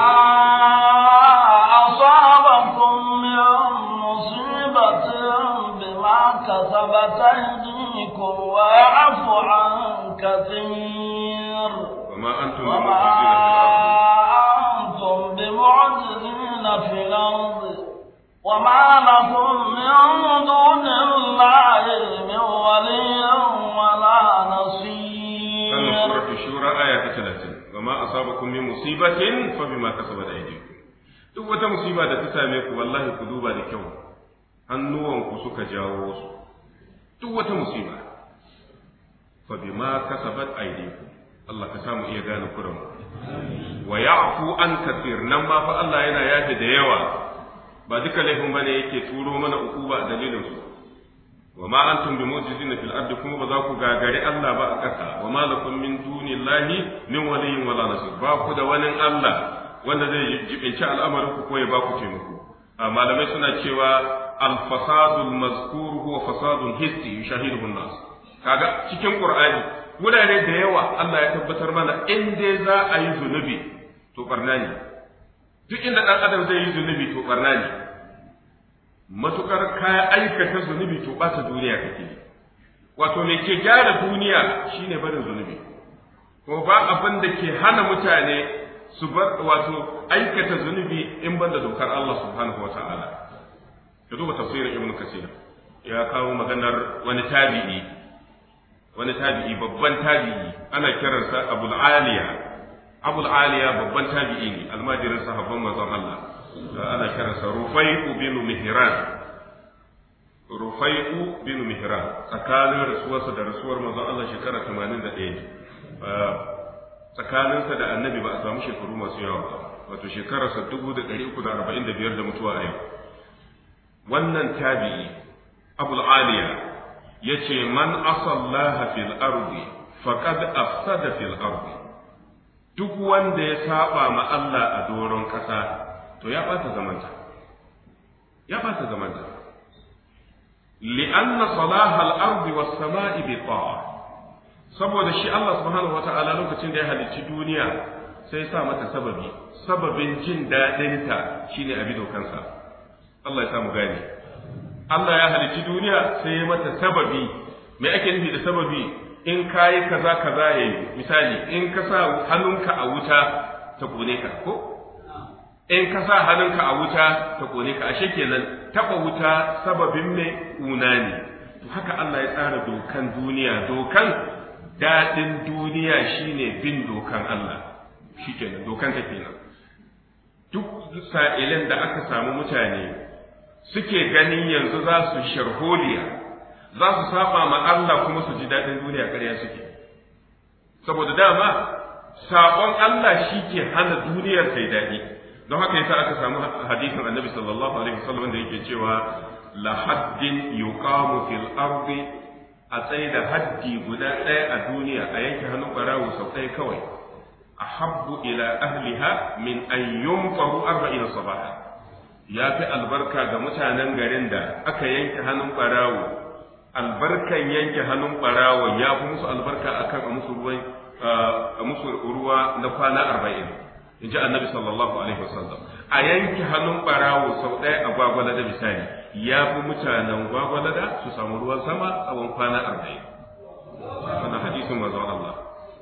asabakum min musibatin bima kasabat aydikum wa afu an kathir wa ma antum bi mu'jizina الأرض وما لكم من دون الله من ولي ولا نصير سورة الشورى آية 30 وما أصابكم من مصيبة فبما كسبت أيديكم duk wata musiba da ta same ku wallahi ku duba da kyau hannuwanku suka jawo su duk wata musiba fa bima kasabat aydikum Allah ka samu iya gane kuranku wa ya'fu an kafir nan ma fa Allah yana yafe da yawa ba duka laifin bane yake turo mana ukuba a dalilin su wa ma antum bi mu'jizina fil ardi kuma ba za ku gagari Allah ba a kasa. wa ma lakum min dunillahi min waliyyin wala nasir ba ku da wani Allah wanda zai jibinci al'amarin ku ko ya ba ku taimako malamai suna cewa al-fasadul mazkur huwa fasadun hissi yushahiduhu an-nas kaga cikin qur'ani wurare da yawa Allah ya tabbatar mana in dai za a yi zunubi to barna ne duk inda ɗan adam zai yi zunubi to barna ne matukar ka aikata zunubi to ɓata duniya kake wato me ke gyara duniya shine barin zunubi ko ba abin da ke hana mutane su bar wato aikata zunubi in banda dokar Allah subhanahu wataala duba tafsirin ibnu kasir ya kawo maganar wani tabi'i wani tabi'i babban tabi'i ana kiransa abul aliya abul aliya babban tabi'i ne almajirin sahabban manzon Allah ana kiransa rufai'u bin mihran rufai'u bin mihran tsakanin rasuwarsa da rasuwar manzon Allah shekara 81 ne ah, tsakaninsa da annabi ba a samu shekaru masu yawa ba wato shekararsa 345 da mutuwa a yau wannan tabi'i abul aliya ce man asallaha fil ardi faqad afsada fil ardi duk wanda ya saba ma Allah a doron kasa to ya bata zamanta ya bata zamanta li'anna salaha al ardi was sama'i bi ta'a saboda shi Allah subhanahu wata'ala lokacin da ya halicci duniya sai sa mata sababi sababin jin dadinta shine dokansa Allah ya gane Allah ya halici duniya sai ya mata sababi me ake nufi da sababi in kayi kaza kaza ya yi misali in ka sa hannunka a wuta ta kone ka ko in ka sa hannunka a wuta ta kone ka ashe kenan taba wuta sababin me una ne to haka Allah ya tsara dokan duniya dokan dadin duniya shine bin dokan Allah shikenan dokan ta kenan duk sa'ilin da aka samu mutane suke ganin yanzu za su sharholiya za su saba ma Allah kuma su ji daɗin duniya ƙarya suke saboda dama saƙon Allah shi ke hana duniyar kai daɗi don haka yasa aka samu hadisin annabi sallallahu alaihi wasallam da yake cewa la haddin yuqamu fil ardi a tsaye da haddi guda ɗaya a duniya a yanke hannu ɓarawo sau ɗaya kawai ahabbu ila ahliha min an yunfaru arba'ina sabaha ya fi albarka ga mutanen garin da aka yanke hannun ɓarawo albarkan yanke hannun ɓarawo ya fi musu albarka a kan a musu ruwa na kwana arba'in in ji annabi sallallahu alaihi wasallam a yanke hannun ɓarawo sau ɗaya a gwagwalada misali ya fi mutanen gwagwalada su samu ruwan sama tsawon kwana arba'in wannan hadisin manzon Allah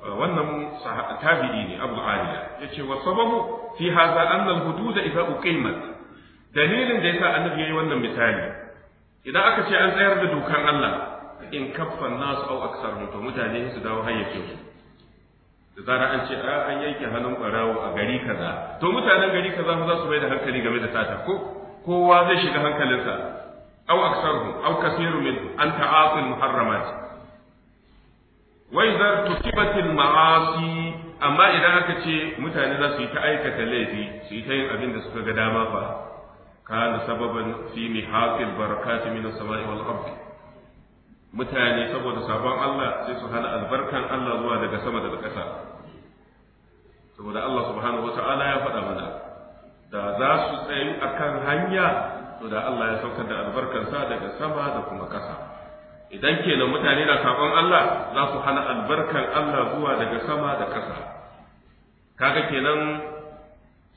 wannan tabi'i ne Abu Aliya ce wa sababu fi hadha anna al da idha uqimat dalilin da yasa annabi yayi wannan misali idan aka ce an tsayar da dokan Allah in kaffan nasu au aksarhum to mutane su dawo hayyacin su da zara an ce a an yanke hannun barawo a gari kaza to mutanen gari kaza za su bai da hankali game da sata ko kowa zai shiga hankalinsa au aksarhum au kasiru min an ta'atul muharramat wa idza tusibatil ma'asi amma idan aka ce mutane za su yi ta aikata laifi su yi ta yin abin da suka ga dama fa kana sababan fi mihaqil barakati min as-sama'i wal ard mutane saboda sabon Allah sai su hana albarkan Allah zuwa daga sama da ƙasa saboda Allah subhanahu wata'ala ya faɗa mana da za su tsayu akan hanya to da Allah ya saukar da albarkansa daga sama da kuma ƙasa idan kenan mutane na sabon Allah za su hana albarkan Allah zuwa daga sama da ƙasa kaga kenan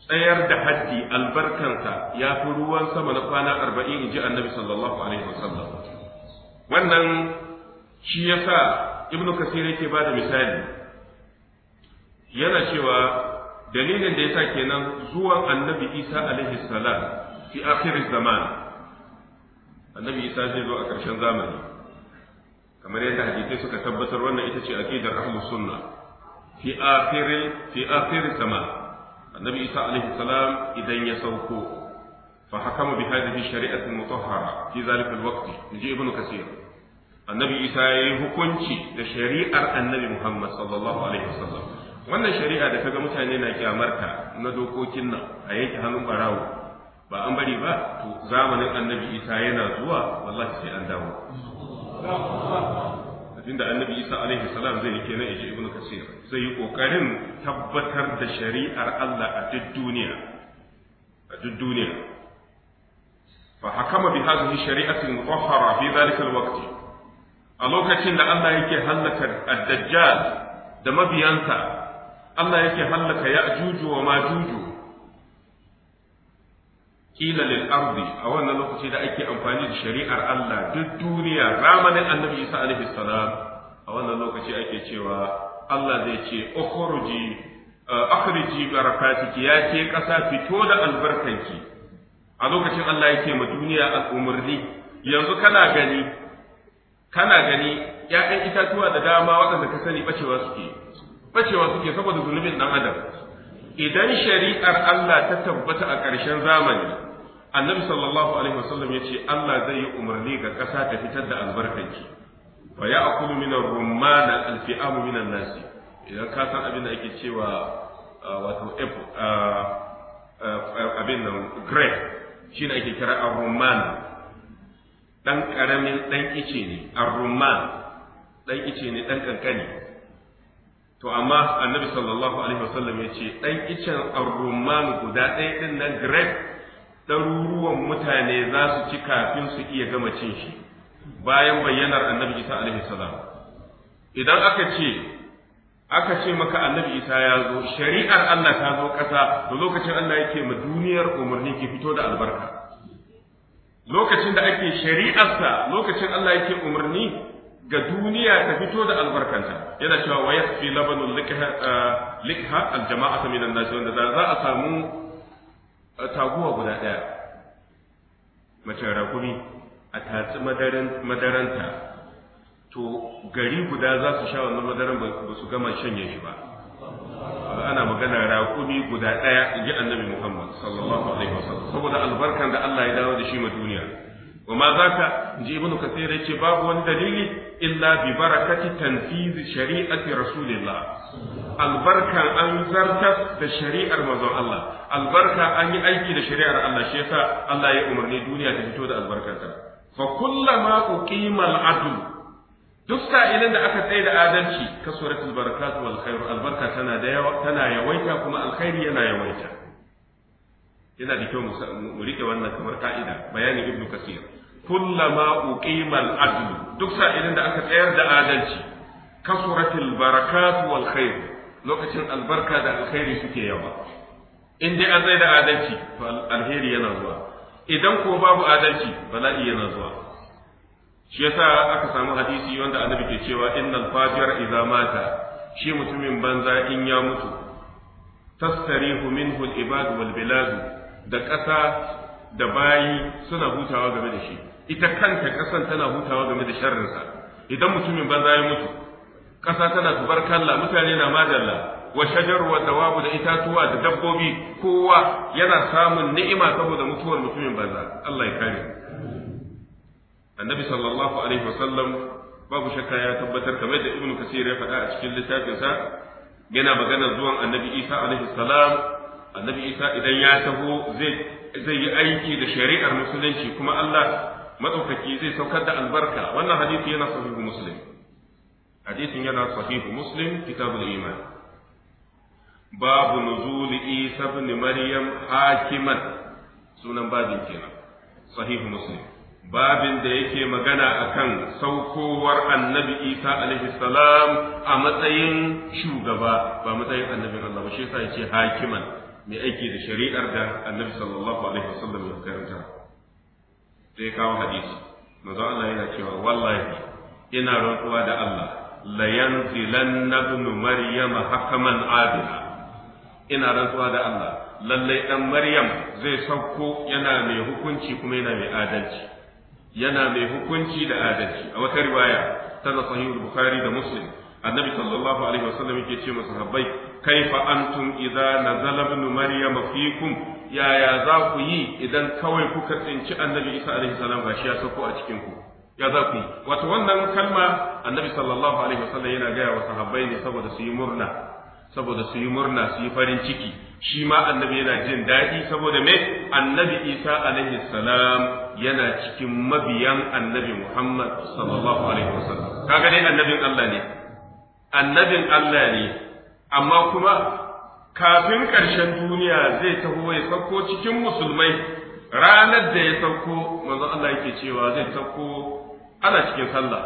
tsayar da haddi albarkansa ya fi ruwan sama na kwana arba'in in ji annabi sallallahu alaihi wasallam wannan shi yasa ibnu kasir yake ba da misali yana cewa dalilin da yasa kenan zuwan annabi isa alaihi salam fi akhir zaman annabi isa zai zo a ƙarshen zamani kamar yadda hadisai suka tabbatar wannan ita ce aqidar ahlus sunna fi akhir fi akhir zaman annabi isa alaihi salam idan ya sauko fa hakama bi hadhihi shari'atin mutahhara fi zalika alwaqt inji ibnu kasir annabi isa yayi hukunci da shari'ar annabi muhammad sallallahu alaihi wasallam wannan shari'a da ga mutane na kyamarta na dokokin nan a yanke hannun barawo ba an bari ba to zamanin annabi isa yana zuwa wallahi sai an dawo abinda annabi isa alaihi salam zai yi kenan yaji ibnu kasir zai yi kokarin tabbatar da shari'ar Allah a duk duniya a duk duniya fa hakama bi hadhihi shari'atin mutahhara fi dhalika alwaqt a lokacin da Allah yake hallaka ad-dajjal da mabiyansa Allah yake hallaka ya'juju wa majuju kila lil ardi a wannan lokaci da ake amfani da shari'ar Allah duk duniya zamanin annabi Isa alaihi salam a wannan lokaci ake cewa Allah zai ce ukhruji akhriji barakatiki ya ke kasa fito da albarkanki a lokacin Allah yake ma duniya al'umurni yanzu kana gani kana gani ya'yan itatuwa da dama waɗanda ka sani bacewa suke bacewa suke saboda zulumin dan adam idan shari'ar Allah ta tabbata a ƙarshen zamani annabi sallallahu alaihi wasallam yace Allah zai yi umarni ga ƙasa ta fitar da albarkanki wa akulu min ar-rumman al-fi'am min an-nas idan ka san abin da ake cewa ah, wato ah, ah, abin nan grape shi ne ake kira ar-rumman dan karamin dan ice ne ar-rumman dan ice ne dan kankani to amma annabi sallallahu alaihi wasallam yace dan icen ar-rumman guda ɗaya din nan grape ɗaruruwan mutane za su ci kafin su iya gama cin shi bayan bayyanar annabi isa alaihi salam idan aka ce aka ce maka annabi isa ya zo shari'ar Allah ta zo ƙasa da lokacin Allah yake ma duniyar umarni ki fito da albarka lokacin da ake shari'arsa lokacin Allah yake umarni ga duniya ta fito da albarkanta yana cewa wa yasfi labanul likha eh, likha aljama'atu minan nas wanda za a samu taguwa guda ɗaya mace rakumi a tatsi madaranta to gari guda za su sha wannan madaran ba su gama shanye shi ba ana magana rakumi guda ɗaya in ji annabi muhammad sallallahu alaihi wasallam saboda albarkan da allah ya dawo da shi ma duniya wa ma za ka ji ibnu kasir yace babu wani dalili illa bi barakati tanfizi shari'ati rasulillah albarka an zartas da shari'ar mazan Allah albarka an yi aiki da shari'ar Allah shi yasa Allah ya umarni duniya ta fito da albarkarta fa kullama uqima al-adl duk sa'ilin da aka tsaye da adalci ka suratul barakat wal khair albarka tana da tana yawaita kuma alkhairi yana yawaita yana da kyau mu rike wannan kamar ka'ida bayanin ibnu kasir kullama uqima al-adl duk sa'ilin da aka tsayar da adalci kasuratul barakat wal khair lokacin albarka da alheri suke yawa in dai an da adalci to alheri yana zuwa idan ko babu adalci bala'i yana zuwa shi yasa aka samu hadisi wanda annabi ke cewa innal fajir idza mata shi mutumin banza in ya mutu tastarihu minhu al-ibad wal bilad da ƙasa da bayi suna hutawa game da shi ita kanta ƙasan tana hutawa game da sharrinsa idan mutumin banza ya mutu kasa tana tubarkalla mutane na madalla wa shajarwa da wabu da itatuwa da dabbobi kowa yana samun ni'ima saboda mutuwar mutumin banza Allah ya kare annabi sallallahu alaihi wasallam babu shakka ya tabbatar kamar da ibnu kasir ya faɗa a cikin littafinsa yana magana zuwan annabi isa alaihi salam annabi isa idan ya taho zai zai yi aiki da shari'ar musulunci kuma Allah madaukaki zai saukar da albarka wannan hadisi yana sahihu muslim hadisin yana sahihu muslim kitabul iman babu nuzul isa ibn maryam hakiman sunan babin kenan sahihu muslim babin da yake magana akan saukowar annabi isa alaihi salam a matsayin shugaba ba matsayin annabin Allah ba shi yasa yace hakiman mai aiki da shari'ar da annabi sallallahu alaihi wasallam ya karanta sai kawo hadisi manzo Allah yana cewa wallahi ina rantsuwa da Allah layanzilan nabnu Maryam hakaman adila ina rantsuwa da Allah lallai dan maryam zai sauko yana mai hukunci kuma yana mai adalci yana mai hukunci da adalci a wata riwaya ta sahih bukhari da muslim annabi sallallahu alaihi wasallam yake ce masa sahabbai kaifa antum idza nazala ibn maryam fikum yaya za ku yi idan kawai kuka tsinci annabi isa alaihi salam gashi ya sauko a cikin ku ya za ku wato wannan kalma annabi sallallahu alaihi wasallam yana gaya wa sahabbai ne saboda su yi murna saboda su yi murna su yi farin ciki shi ma annabi yana jin daɗi saboda me annabi isa alaihi salam yana cikin mabiyan annabi muhammad sallallahu alaihi wasallam kaga dai annabin allah ne annabin allah ne amma kuma kafin ƙarshen duniya zai taho ya sauko cikin musulmai ranar da ya sauko manzo Allah yake cewa zai sauko ana cikin sallah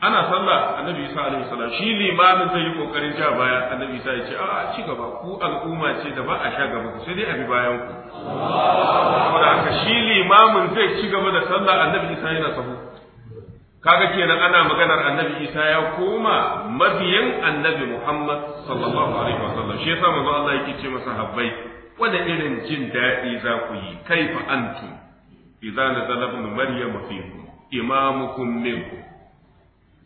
ana sallah annabi isa alaihi salam shi limamin zai yi kokarin ja baya annabi isa ya ce a ci gaba ku al'umma ce da ba a sha gaba ku sai dai a bi bayan ku saboda haka shi limamin zai ci gaba da sallah annabi isa yana sahu kaga kenan ana maganar annabi isa ya koma mabiyan annabi muhammad sallallahu alaihi wasallam shi yasa manzo Allah yake ce masa habbai wanda irin jin daɗi za ku yi kaifa antum idza nazala ibn maryam fiikum imamukum minkum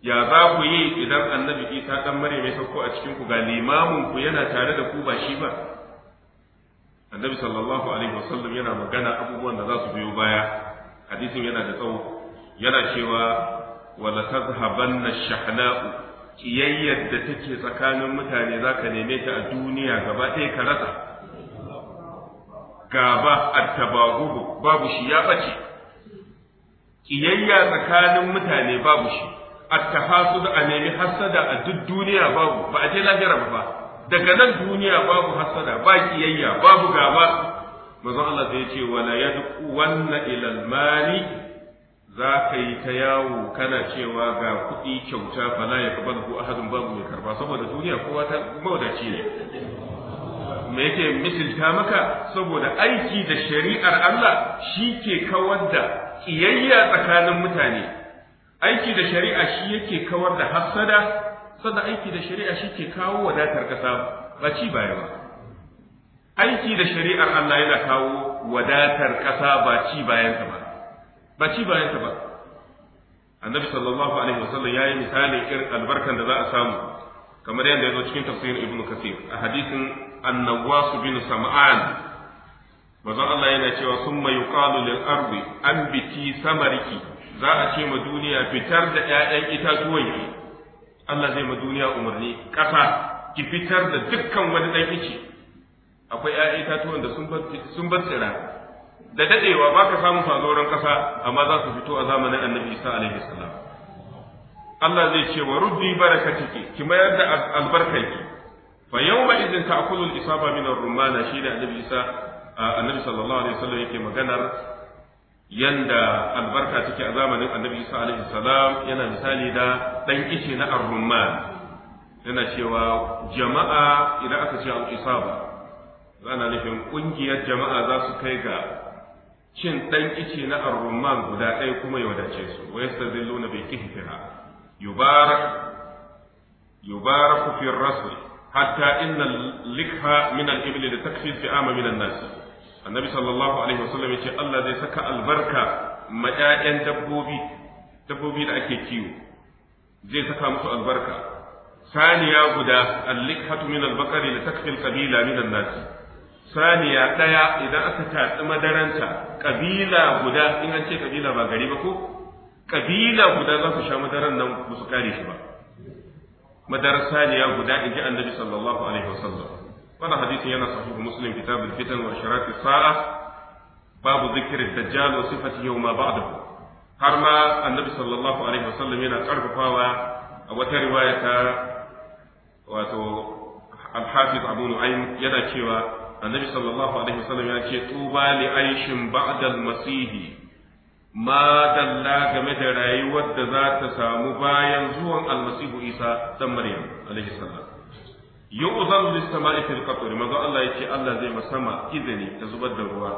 ya za ku yi idan annabi isa dan maryam ya sauko a cikin ku ga limamun ku yana tare da ku ba shi ba annabi sallallahu alaihi wasallam yana magana abubuwan da za su biyo baya hadisin yana da tsawo yana cewa wala tazhabanna shahna'u kiyayyar da take tsakanin mutane zaka neme ta a duniya gaba ɗaya ka rasa gaba at babu shi ya bace kiyayya tsakanin mutane babu shi at-tahasud a nemi hasada a duk duniya babu ba a je lahira ba daga nan duniya babu hasada ba kiyayya babu gaba manzon Allah zai ce wala yadqu wanna ila al-mali za ka yi ta yawo kana cewa ga kuɗi kyauta fala ya kabar ku ahadun babu mai karba saboda duniya kowa ta mawadaci ne me yake misilta maka saboda aiki da shari'ar Allah shi ke kawar da kiyayya tsakanin mutane aiki da shari'a shi yake kawar da hassada sannan aiki da shari'a shi ke kawo wadatar ƙasa ba ci baya ba aiki da shari'ar Allah yana kawo wadatar ƙasa ba ci bayansa ba ba ci bayansa ba annabi sallallahu alaihi wasallam yayi misali irin albarkan da za a samu kamar yadda ya zo cikin tafsirin ibnu kasir a hadisin annawas bin sam'an manzon Allah yana cewa summa yuqalu lil ardi anbiti samariki za a ce ma duniya fitar da itatuwan ki. Allah zai ma duniya umarni ƙasa ki fitar da dukkan wani ɗan ice akwai 'ya'yan itatuwan da sun bar tsira da dadewa ba ka samu fazoran ƙasa amma za su fito a zamanin annabi Isa alaihi salam Allah zai ce wa ruddi barakatiki ki mayar da albarkanki fa yawma idin ta'kulu al-isaba min ar-rumana shi da annabi Isa annabi sallallahu alaihi wasallam yake maganar yanda albarka take a zamanin annabi Isa alaihi salam yana misali da dan ice na ar-rumman yana cewa jama'a idan aka ce al-isaba ana nufin kungiyar jama'a za su kai ga cin dan ice na ar-rumman guda ɗaya kuma ya wadace su wa yastazilluna bi kihfiha yubarak yubarak fi ar-rasl hatta inna al-likha min al-ibli litakfi fi'ama min an-nas annabi sallallahu alaihi wasallam yace Allah zai saka albarka ma ƴaƴan dabbobi dabbobi da ake kiwo zai saka musu albarka saniya guda al-likhatu min al-baqari li takfil qabila min an-nas saniya daya idan aka tatsi madaranta kabila guda in an ce kabila ba gari ba ko kabila guda za su sha madaran nan ba su kare shi ba madarar saniya guda in ji annabi sallallahu alaihi wasallam wannan hadisin yana sahihu muslim kitabul fitan wa sharati sa'a babu zikri dajjal wa sifatihi wa ma ba'dahu har ma annabi sallallahu alaihi wa sallam yana karfafawa a wata riwaya ta wato al-hafiz abu nu'aym yana cewa annabi sallallahu alaihi wa sallam ya ce tuba li aishin ba'da al-masihi ma dalla game da rayuwar da za ta samu bayan zuwan almasihu isa dan maryam alaihi salam yu'zanu lis-sama'i fil qatr manzo Allah yace Allah zai ma sama izini ta zubar da ruwa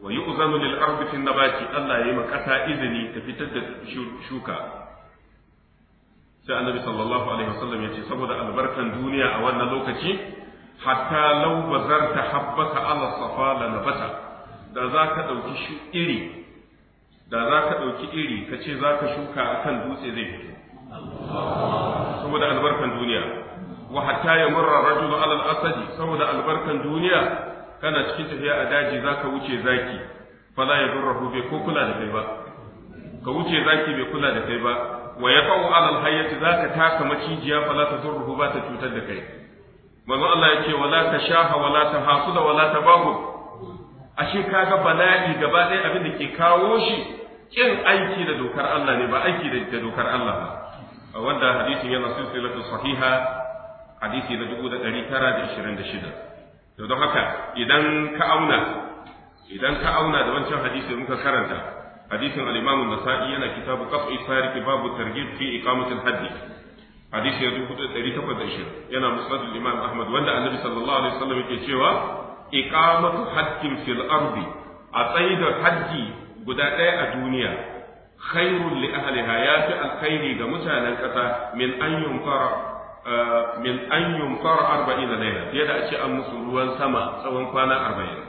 wa yu'zanu lil-ardi fil nabati Allah yayi ma kasa izini ta fitar da shuka sai annabi sallallahu alaihi wasallam yace saboda albarkan duniya a wannan lokaci hatta law bazarta habbaka ala safa la nabata da za ka dauki shi iri da za ka dauki iri ka ce za ka shuka akan dutse zai fito saboda albarkan duniya wa ya murra rajulu alal asadi saboda albarkan duniya kana cikin tafiya a daji zaka wuce zaki fala ya durrahu bai ko kula da kai ba ka wuce zaki bai kula da kai ba wa yaqau alal hayyati zaka taka macijiya fala ta durruhu ba ta cutar da kai manzo Allah yake wala sha shaha wala ta hasuda wala ta bahu ashe kaga bala'i gaba ɗaya abin da ke kawo shi kin aiki da dokar Allah ne ba aiki da dokar Allah ba wanda hadisin yana silsilatu sahiha hadisi na dubu da ɗari tara da ishirin da shida to don haka idan ka auna idan ka auna da wancan hadisi muka karanta hadisin al-imam an-nasa'i yana kitabu qat'i sariki babu targhib fi iqamati al-hadd hadisi ya dubu da ɗari takwas da ishirin yana musnad al-imam ahmad wanda annabi sallallahu alaihi wasallam yake cewa iqamatu hadkin fil ardi a tsaida haddi guda ɗaya a duniya khairul li ahliha ya fi alkhairi ga mutanen ƙasa min an yunkara min an yumtar arba'ina laila fiye da ake an musu ruwan sama tsawon kwana arba'in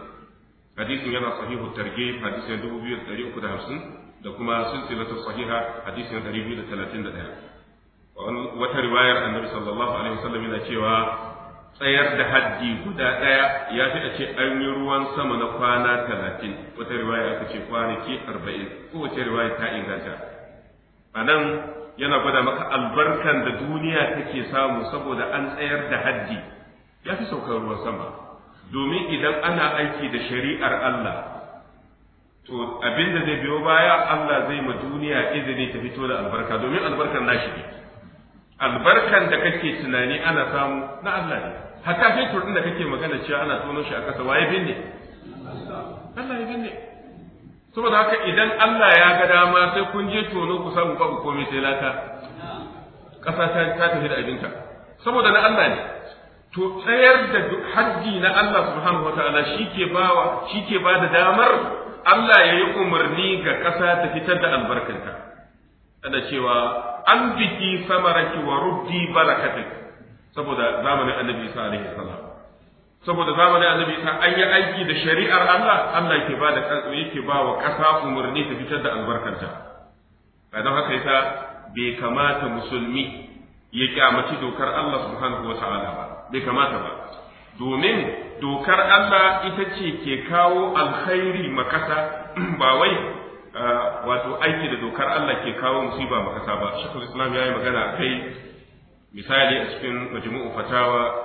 hadisin yana sahihu targe hadisin biyu da dari da da kuma silsilatu sahiha hadisin ɗaya. wata riwayar annabi sallallahu alaihi wasallam yana cewa tsayar da haddi guda ɗaya ya fi a ce an yi ruwan sama na kwana talatin, wata riwaya aka ce kwanaki arba'in kowace riwaya ta inganta a nan yana gwada maka albarkan da duniya take samu saboda an tsayar da haddi ya fi saukar ruwan sama domin idan ana aiki da shari'ar Allah to abin da zai biyo baya Allah zai ma duniya izini ta fito da albarka domin albarkan nashi ne albarkan da kake tunani ana samu na Allah ne hatta fetur din da kake magana cewa ana tono shi a ƙasa waye binne Allah ya binne saboda haka idan Allah ya ga dama sai kun je tono ku samu babu komai sai laka ƙasa ta ta tafi da abinta saboda na Allah ne to tsayar da haddi na Allah subhanahu wataala shike bawa shike ba da damar Allah ya yi umarni ga ƙasa ta fitar da albarkanta ana cewa an biki samaraki wa ruddi barakatik saboda zamanin annabi sallallahu alaihi wasallam saboda zamanin annabi ta an yi aiki da shari'ar Allah Allah yake ba da yake ba wa ƙasa umarni ta fitar da albarkanta don haka yasa bai kamata musulmi ya kyamaci dokar Allah subhanahu wa ta'ala ba bai kamata ba domin dokar Allah ita ce ke kawo alkhairi makasa ba wai wato aiki da dokar Allah ke kawo musiba makasa ba shekul islam ya yi magana a kai misali a cikin majmu'u fatawa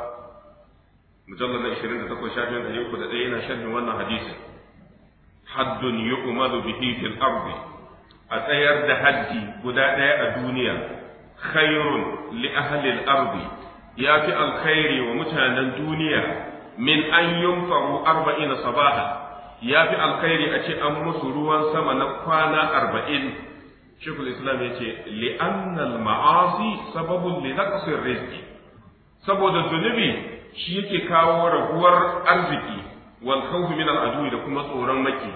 mujallar na 28 shafin 301 yana sharhin wannan hadisin haddun yu'malu bihi fil ardi a tsayar da haddi guda ɗaya a duniya khairun li ahli al ya fi alkhairi wa mutanen duniya min an yunfaru arba'ina sabaha ya fi alkhairi a ce an musu ruwan sama na kwana arba'in shekul islam ya ce li'annal ma'asi sababun li naqsir rizqi saboda zunubi shi yake kawo raguwar arziki wal khawfi min al adu da kuma tsoron maki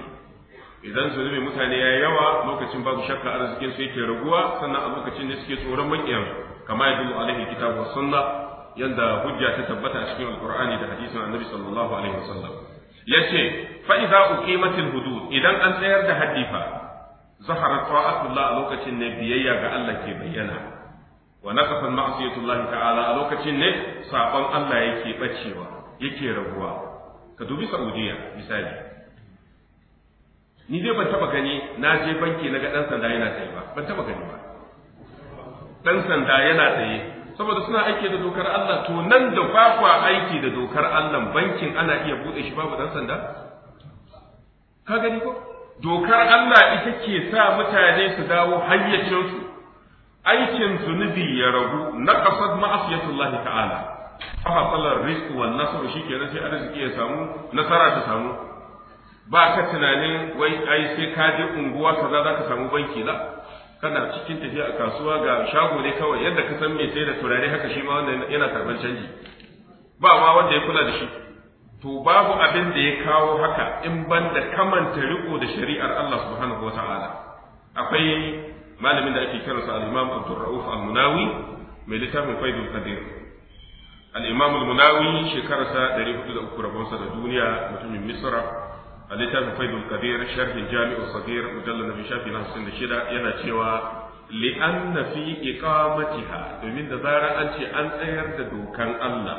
idan zunubi mutane ya yawa lokacin babu shakka arzikin su yake raguwa sannan a lokacin suke tsoron makiyan kama ya dubu alaihi kitabu was sunna yanda hujja ta tabbata a cikin alqur'ani da hadisin annabi sallallahu alaihi wasallam yace fa idza uqimatil hudud idan an tsayar da haddifa. fa zaharat ta'atullah a lokacin ne biyayya ga Allah ke bayyana wa naqafa ma'siyatullahi ta'ala a lokacin ne sabon Allah yake bacewa yake raguwa ka dubi Saudiya misali ni dai ban taba gani na je banki na ga dan sanda yana tsaye ba ban taba gani ba dan sanda yana tsaye saboda suna aiki da dokar Allah to nan da kwakwa aiki da dokar Allah bankin ana iya bude shi babu dan sanda ka gani ko dokar Allah ita ke sa mutane su dawo hayyacinsu aikin zunubi ya ragu na kasar ma'asiyatullahi ta'ala fahasalar wa nasaru shi ke sai arziki ya samu nasara ta samu ba ka tunanin wai ai sai ka je unguwa kaza za ka samu banki la kana cikin tafiya a kasuwa ga shago ne kawai yadda ka san me sai da turare haka shi ma wanda yana karban canji ba ma wanda ya kula da shi to babu abin da ya kawo haka in banda kamanta riko da shari'ar Allah subhanahu wataala akwai malamin da ake kiransa al-imam Abdul Rauf al-Munawi mai littafin Faidul Qadir al-imam al-Munawi shekararsa 403 rabonsa da duniya mutumin Misra a littafin Faidul Qadir sharhin Jami'u Sagir mujallal nabi shafi na 56 yana cewa li'anna fi iqamatiha domin da zarar an ce an tsayar da dokan Allah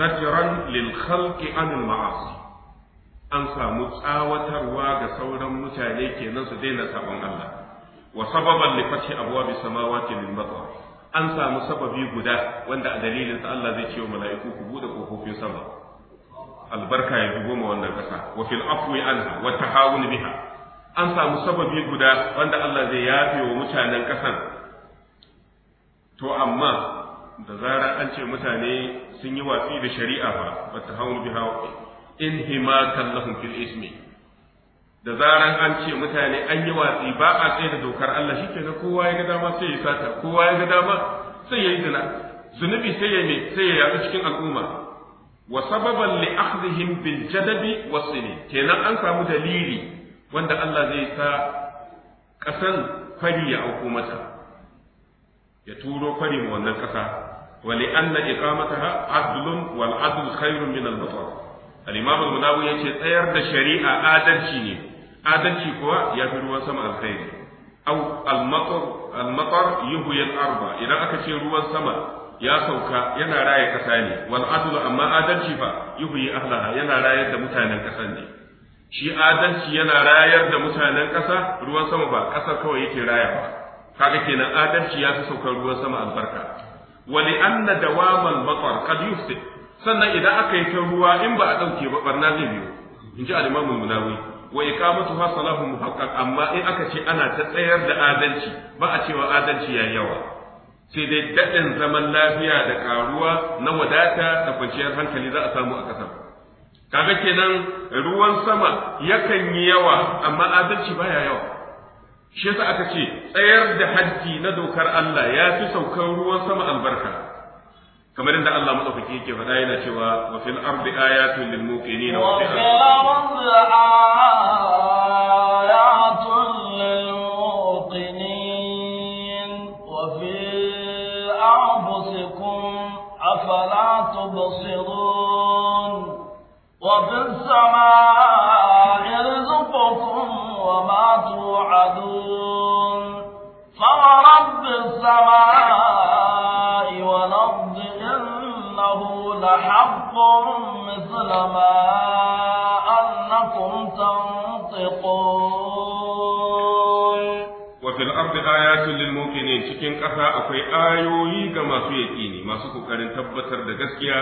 Zakiran lil khalqi anil ma'asi an samu tsawatarwa ga sauran mutane kenan su daina sabon Allah wa sababan li fathi abwabi samawati lil matar an samu sababi guda wanda a dalilin sa Allah zai ce wa mala'iku ku bude kofofin sama albarka ya dubo ma wannan kasa wa fil afwi anha wa tahawun biha an samu sababi guda wanda Allah zai yafe wa mutanen kasar to amma da zarar an ce mutane sun yi watsi da shari'a ba ba ta hawan biha in hima kallahum fil ismi da zaran an ce mutane an yi watsi ba a tsaye da dokar Allah shi ke kowa ya ga dama sai ya sata kowa ya ga dama sai ya yi zina zunubi sai ya mai sai ya yaɗu cikin al'umma wa sababan li akhdihim bil jadabi wasini kenan an samu dalili wanda Allah zai sa ƙasan fari ya auko mata ya turo fari ma wannan ƙasa wa li anna iqamataha adlun wal adl khairun min al batar al imam al munawi yace tsayar da shari'a adalci ne adalci kuwa ya fi ruwan sama alkhairi au al-matar yuhyi al-arba idan aka ce ruwan sama ya sauka yana raye kasa ne wal adlu amma adalci fa yuhyi ahlaha yana rayar da mutanen kasa ne shi adalci yana rayar da mutanen kasa ruwan sama ba kasa kawai yake ba kaga kenan adalci ya fi saukar ruwan sama albarka wa anna dawamal matar kad yufsid sannan idan aka yi ruwa in ba a dauke ba barna zai biyo in ji al-imamu munawi wa iqamatu ha salahu muhaqqaq amma in aka ce ana ta tsayar da adalci ba a cewa adalci yayi yawa sai dai dadin zaman lafiya da karuwa na wadata da kwanciyar hankali za a samu a kasar kaga kenan ruwan sama yakan yi yawa amma adalci baya yawa shi yasa aka ce tsayar da haddi na dokar Allah ya fi saukan ruwan sama albarka kamar inda Allah madaukaki yake faɗa yana cewa wa fil ardi ayatun lil muqinin wa fil ardi ayatun lil muqinin wa fi anfusikum afala tubsirun wa fis samaa'i rizqukum wa ma tu'adun fa rabbi samaa'i لحظكم مثل ما أنكم تنطقون وفي الأرض آيات للموقنين cikin ƙasa akwai ayoyi ga masu yaƙini masu ƙoƙarin tabbatar da gaskiya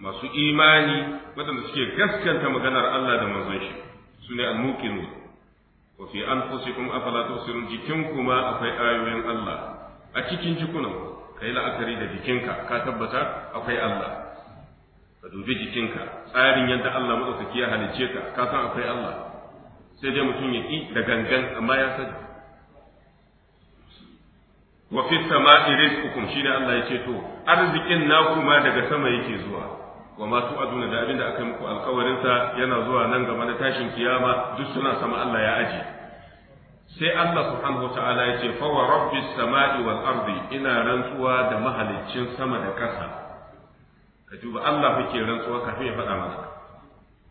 masu imani waɗanda suke gaskanta maganar Allah da manzon shi su ne al-muqinu wa fi anfusikum afala tubsirun jikin kuma akwai ayoyin Allah a cikin jikunan kai la'akari da jikinka ka tabbata akwai Allah ka dubi jikinka tsarin yadda Allah maɗaukaki ya halicce ka ka san akwai Allah sai dai mutum ya ƙi da gangan amma ya sani wa fi sama'i rizqukum shine Allah ya ce to arzikin naku ma daga sama yake zuwa wa ma tu'aduna da abinda aka muku alƙawarin sa yana zuwa nan gaba na tashin kiyama duk suna sama Allah ya aje sai Allah subhanahu wata'ala ya ce fa wa rabbis sama'i wal ardi ina rantsuwa da mahaliccin sama da ƙasa ka duba Allah kuke rantsuwa kafin ya faɗa masa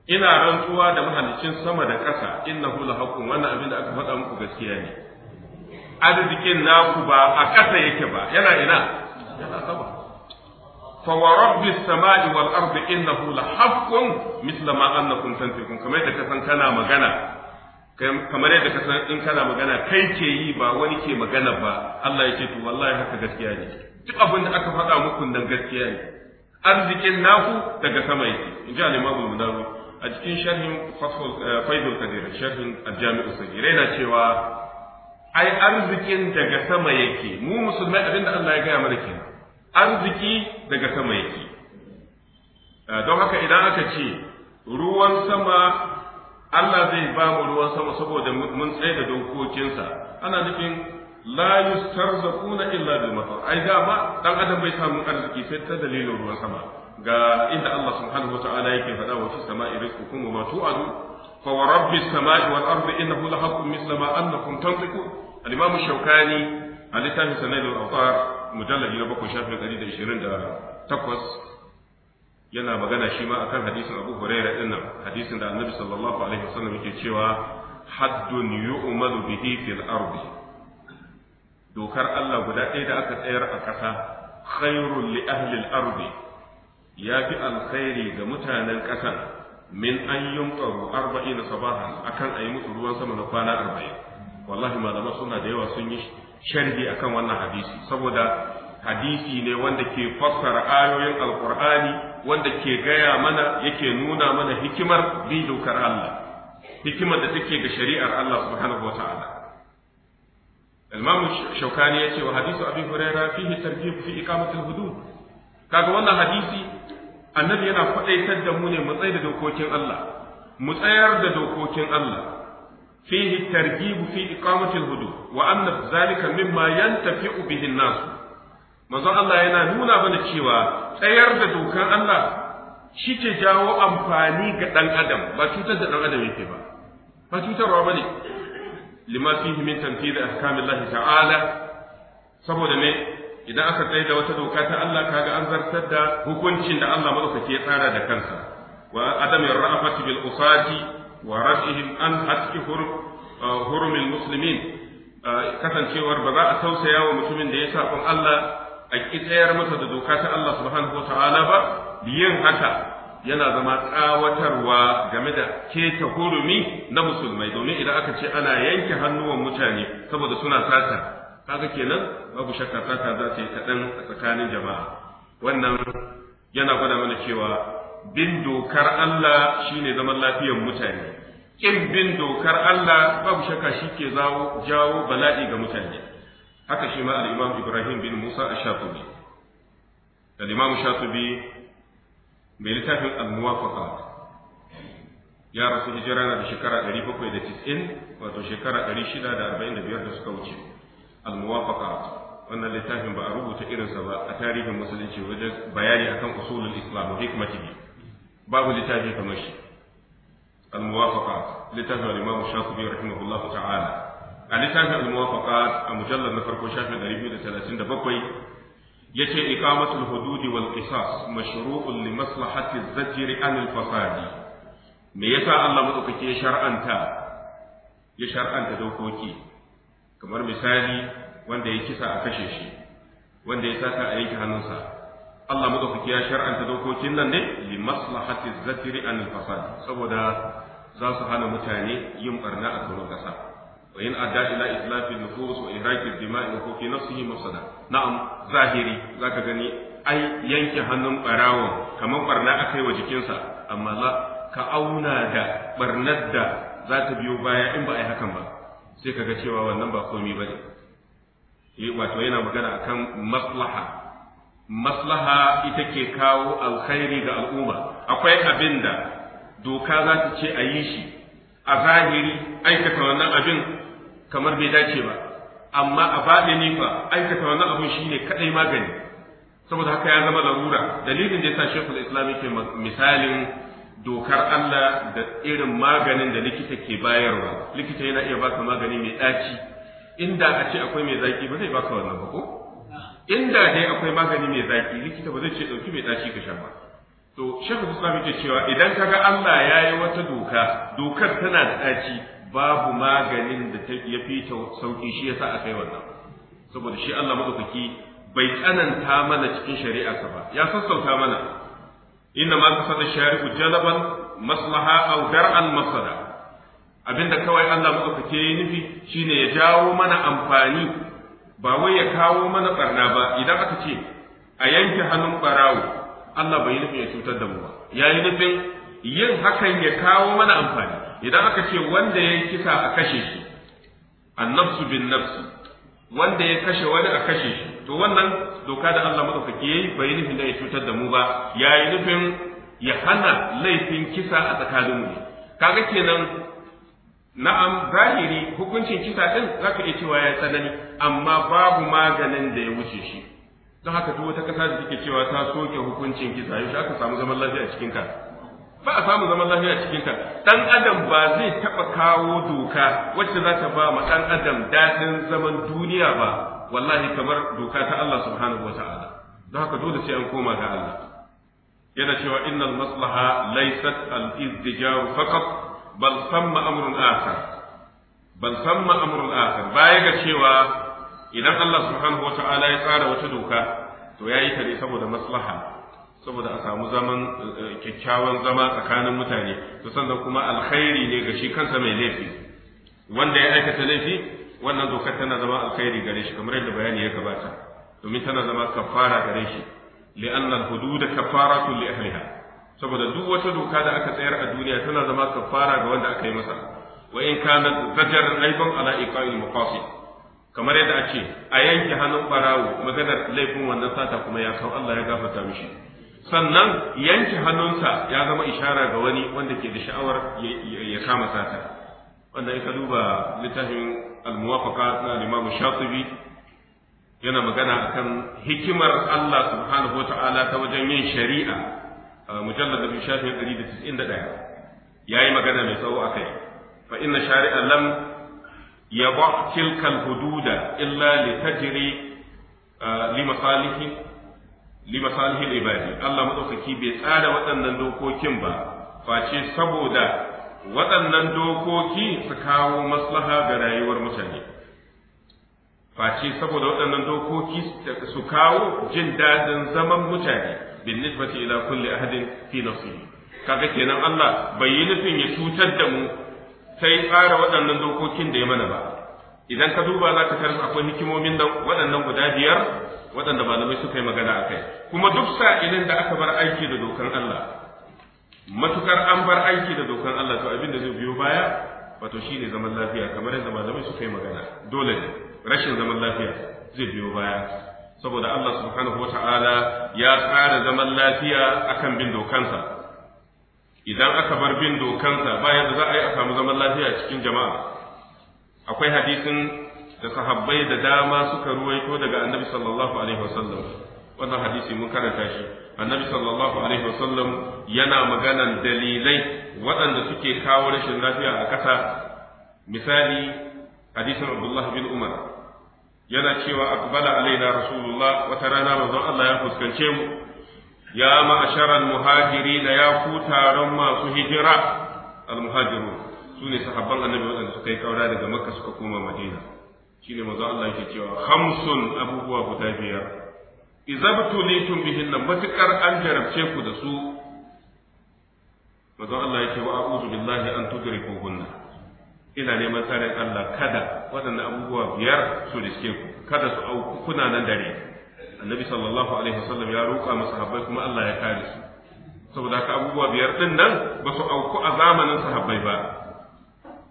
ina rantsuwa da mahallicin sama da ƙasa innahu lahaqqun wannan abin da aka faɗa muku gaskiya ne arzikin naku ba a ƙasa yake ba yana ina yana sama fa wa Rabbi samai wal ardi innahu lahaqqun mithla ma annakum tanfiqun kamar yadda ka san kana magana kamar yadda ka san in kana magana kai ke yi ba wani ke magana ba Allah yake to wallahi haka gaskiya ne duk abin da aka faɗa muku nan gaskiya ne arzikin naku daga sama yake in ji al-imamu a cikin sharhin eh, faidul kadir sharhin al-jami'u yana cewa ai arzikin daga sama yake mu musulmai abin da Allah ya gaya mana kenan arziki daga sama yake eh, don haka idan aka ce ruwan sama Allah zai ba mu ruwan sama saboda mun tsaye da dokokinsa ana nufin la yustarzaquna illa bil mata ai da ba dan adam bai samu arziki sai ta dalilin ruwan sama ga inda Allah subhanahu wa ta'ala yake faɗa wa fi sama'i rizqukum wa ma tu'adu fa wa rabbis sama'i wal ardi innahu lahaqqun misla ma annakum tantiqun al-imam shawkani a littafin sanad al-awtar mujalladi na 7 shafin 128 yana magana shi ma akan hadisin Abu Hurairah din nan hadisin da Annabi sallallahu alaihi wasallam yake cewa haddun yu'malu bihi fil ardi dokar Allah guda ɗaya da aka tsayar a ƙasa khairu li ahli al-ardi ya fi alkhairi ga mutanen ƙasa, min an yumqaru 40 sabahan akan ayi musu ruwan sama na kwana 40 wallahi malama suna da yawa sun yi sharhi akan wannan hadisi saboda hadisi ne wanda ke fassara ayoyin alkur'ani wanda ke gaya mana yake nuna mana hikimar bi dokar Allah hikimar da take ga shari'ar Allah subhanahu wa ta'ala Imam Shaukani yace wa hadisu Abi Hurairah fihi targhib fi iqamatil hudud kaga wannan hadisi annabi yana faɗaitar da mu ne mu tsaya da dokokin Allah mu tsayar da dokokin Allah fihi targhib fi iqamatil hudud wa anna zalika mimma yantafi'u bihi an-nas manzon Allah yana nuna mana cewa tsayar da dokan Allah shi ke jawo amfani ga ɗan adam ba cutar da ɗan adam ba ba cutarwa ba ne lima fihi min tanfidh ahkamillahi ta'ala saboda me idan aka tsaye da wata doka ta Allah kaga an zartar da hukuncin da Allah madaukake ya tsara da kansa wa adam yarrafati bil usati wa rafihim an hatki uh, hurumil muslimin uh, kasancewar ba za a tausaya wa mutumin da ya sabon Allah a ƙi tsayar masa da doka ta Allah subhanahu wa ta'ala ba yin haka yana zama tsawatarwa game da keta hurumi na musulmai domin idan aka ce ana yanke hannuwan mutane saboda suna sata kaga kenan babu shakka sata za ta yi kaɗan a tsakanin jama'a wannan yana gwada mana cewa bin dokar Allah shine zaman lafiyar mutane kin bin dokar Allah babu shakka shi ke jawo bala'i ga mutane haka shi ma al-Imam Ibrahim bin Musa ash-Shatibi al-Imam Shatibi mai littafin al-muwafaqa ya rasu hijira na da shekara 790 wato shekara 645 da suka wuce al-muwafaqa wannan littafin ba a rubuta irinsa ba a tarihin musulunci wajen bayani akan usulul islam wa hikmatihi babu littafi kamar shi al-muwafaqa littafin al-imam shafi'i Allah ta'ala a littafin al-muwafaqa a mujallar na farko shafin 237 yace iqamatul hudud wal qisas mashru'un li maslahati zajri an al fasadi me yasa Allah madaukake ya shar'anta ya shar'anta dokoki kamar misali wanda ya kisa a kashe shi wanda ya sata a yanke hannunsa Allah madaukake ya shar'anta dokokin nan ne li maslahati zajri an al fasadi saboda za su hana mutane yin barna a tsoron kasa وإن أدى إلى إتلاف النفوس وإهراك الدماء وفي نفسه مفسدة نعم ظاهري ذاك غني أي ينكي هنم براو كما برنا أكي وجكينسا da لا كأونا دا برند دا ذات بيو بايا إن بأي هكما با sai kaga cewa wannan ba komi bane eh wato yana magana a kan maslaha maslaha ita ke kawo alkhairi ga al'umma akwai abin da doka za ta ce a yi shi a zahiri aikata wannan abin kamar bai dace ba amma a ne fa aikata wannan abun ne kadai magani saboda haka ya zama larura dalilin da yasa shekul islam yake misalin dokar Allah da irin maganin da likita ke bayarwa likita yana iya baka magani mai ɗaci inda a ce akwai mai zaki ba zai baka wannan ba ko inda dai akwai magani mai zaki likita ba zai ce ɗauki mai ɗaci ka sha ba to shekul islam yake cewa idan kaga Allah ya yi wata doka dokar tana da ɗaci babu maganin da ta ya fi sauki shi yasa aka yi wannan saboda shi Allah madaukaki bai tsananta mana cikin shari'a shari'arsa ba ya sassauta mana inna ma kasada shari'u jalaban maslaha aw dar'an masada abinda kawai Allah madaukaki ya nufi shine ya jawo mana amfani ba wai ya kawo mana barna ba idan aka ce a yanke hannun barawo Allah bai nufi ya cutar da mu ba yayi nufin yin hakan ya kawo mana amfani idan aka ce wanda ya yi kisa a kashe shi annabsu bin nafsi wanda ya kashe wani a kashe shi to wannan doka da Allah madaukaki yayi bai nufin da ya cutar da mu ba yayi nufin ya hana laifin kisa a tsakanin mu kaga kenan na'am zahiri hukuncin kisa din zaka iya cewa ya tsanani amma babu maganin da ya wuce shi don haka duk wata kasa da take cewa ta soke hukuncin kisa yau aka samu zaman lafiya a cikin ka ba a samun zaman lafiya cikin ta dan adam ba zai taba kawo doka wacce za ta ba ma dan adam dadin zaman duniya ba wallahi kamar doka ta Allah subhanahu wataala don haka dole sai an koma ga Allah yana cewa innal maslaha laysat al-izdijar faqat bal samma amrun akhar bal samma amrun akhar baya ga cewa idan Allah subhanahu wa ta'ala ya tsara wata doka to yayi ta ne saboda maslaha saboda a samu zaman eh, kyakkyawan zama tsakanin mutane to sannan kuma alkhairi ne ga shi kansa mai laifi wanda ya aikata laifi wannan dokar tana zama alkhairi gare shi kamar yadda bayani ya gabata domin tana zama kafara gare shi li'anna al-hudud kafaratun li ahliha saboda duk wata doka da aka tsayar a duniya tana zama kafara ga wanda aka yi masa wa in kana zajar aiban ala iqa'il muqasid kamar yadda a ce a yanke hannun barawo maganar laifin wannan sata kuma ya kawo Allah ya gafarta mishi sannan yanke hannunsa ya zama ishara ga wani wanda ke da sha'awar ya kama sata wanda ya duba littafin al-muwafaqa na Imam Shatibi yana magana akan hikimar Allah subhanahu wata'ala ta wajen yin shari'a mujallar da shafin 191 yi magana mai tsawo akai fa inna shari'a lam ya tilka al-hududa illa litajri li masalihi li masalihil ibadi Allah madaukaki bai tsara waɗannan dokokin ba face saboda waɗannan dokoki su kawo maslaha ga rayuwar mutane face saboda waɗannan dokoki su kawo jin dadin zaman mutane bin nisbati ila kulli ahadin fi nafsihi kaga kenan Allah bai yi nufin ya cutar da mu sai tsara waɗannan dokokin da ya mana ba idan ka duba za ka tarin akwai hikimomin da waɗannan guda biyar waɗanda malamai suka yi magana a kai kuma duk sa'ilin da aka bar aiki da dokan Allah matukar an bar aiki da dokan Allah to abin da zai biyo baya wato shi ne zaman lafiya kamar yadda malamai suka yi magana dole ne rashin zaman lafiya zai biyo baya saboda Allah subhanahu wata'ala ya tsara zaman lafiya akan bin dokansa idan aka bar bin dokansa bayan da za a yi a samu zaman lafiya cikin jama'a akwai hadisin da sahabbai da dama suka ruwaito daga annabi sallallahu alaihi wasallam wannan hadisi mun karanta shi annabi sallallahu alaihi wasallam yana maganan dalilai waɗanda suke kawo rashin lafiya a ƙasa misali hadisin abdullah bin umar yana cewa aqbala alaina rasulullah wata rana manzon Allah ya fuskance mu ya ma'asharal muhajirin ya ku taron masu hijira al muhajirun su ne sahabban annabi waɗanda suka yi kaura daga makka suka koma madina shi ne maza Allah yake cewa hamsun abubuwa guda biyar izabtulitum bihin nan matuƙar an jarabce ku da su maza Allah yake wa a'udhu billahi an tudrikuhunna ina neman tsarin Allah kada waɗannan abubuwa biyar su riske ku kada su auku kuna nan dare annabi sallallahu alaihi wasallam ya roƙa masahabbai kuma Allah ya kare su saboda haka abubuwa biyar din nan ba su auku a zamanin sahabbai ba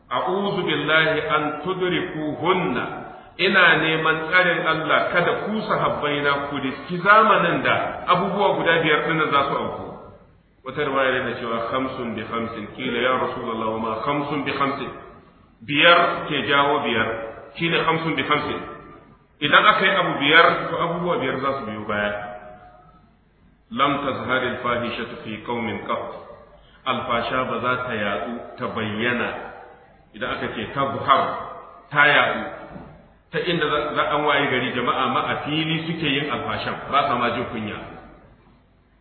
a'udhu billahi an tudrikuhunna ina neman tsarin Allah kada ku sahabbaina ku riski zamanin da abubuwa guda biyar din za su auku wata riwaya da cewa khamsun bi khamsin kila ya rasulullah ma khamsun bi biyar ke jawo biyar kila khamsun bi idan aka yi abu biyar to abubuwa biyar za su biyo baya lam tazhar al fahishatu fi qaumin ba za ta yadu ta bayyana idan aka ce tabhar ta yaɗu ta inda za an waye gari jama'a ma a fili suke yin alfashan ba sa ma jin kunya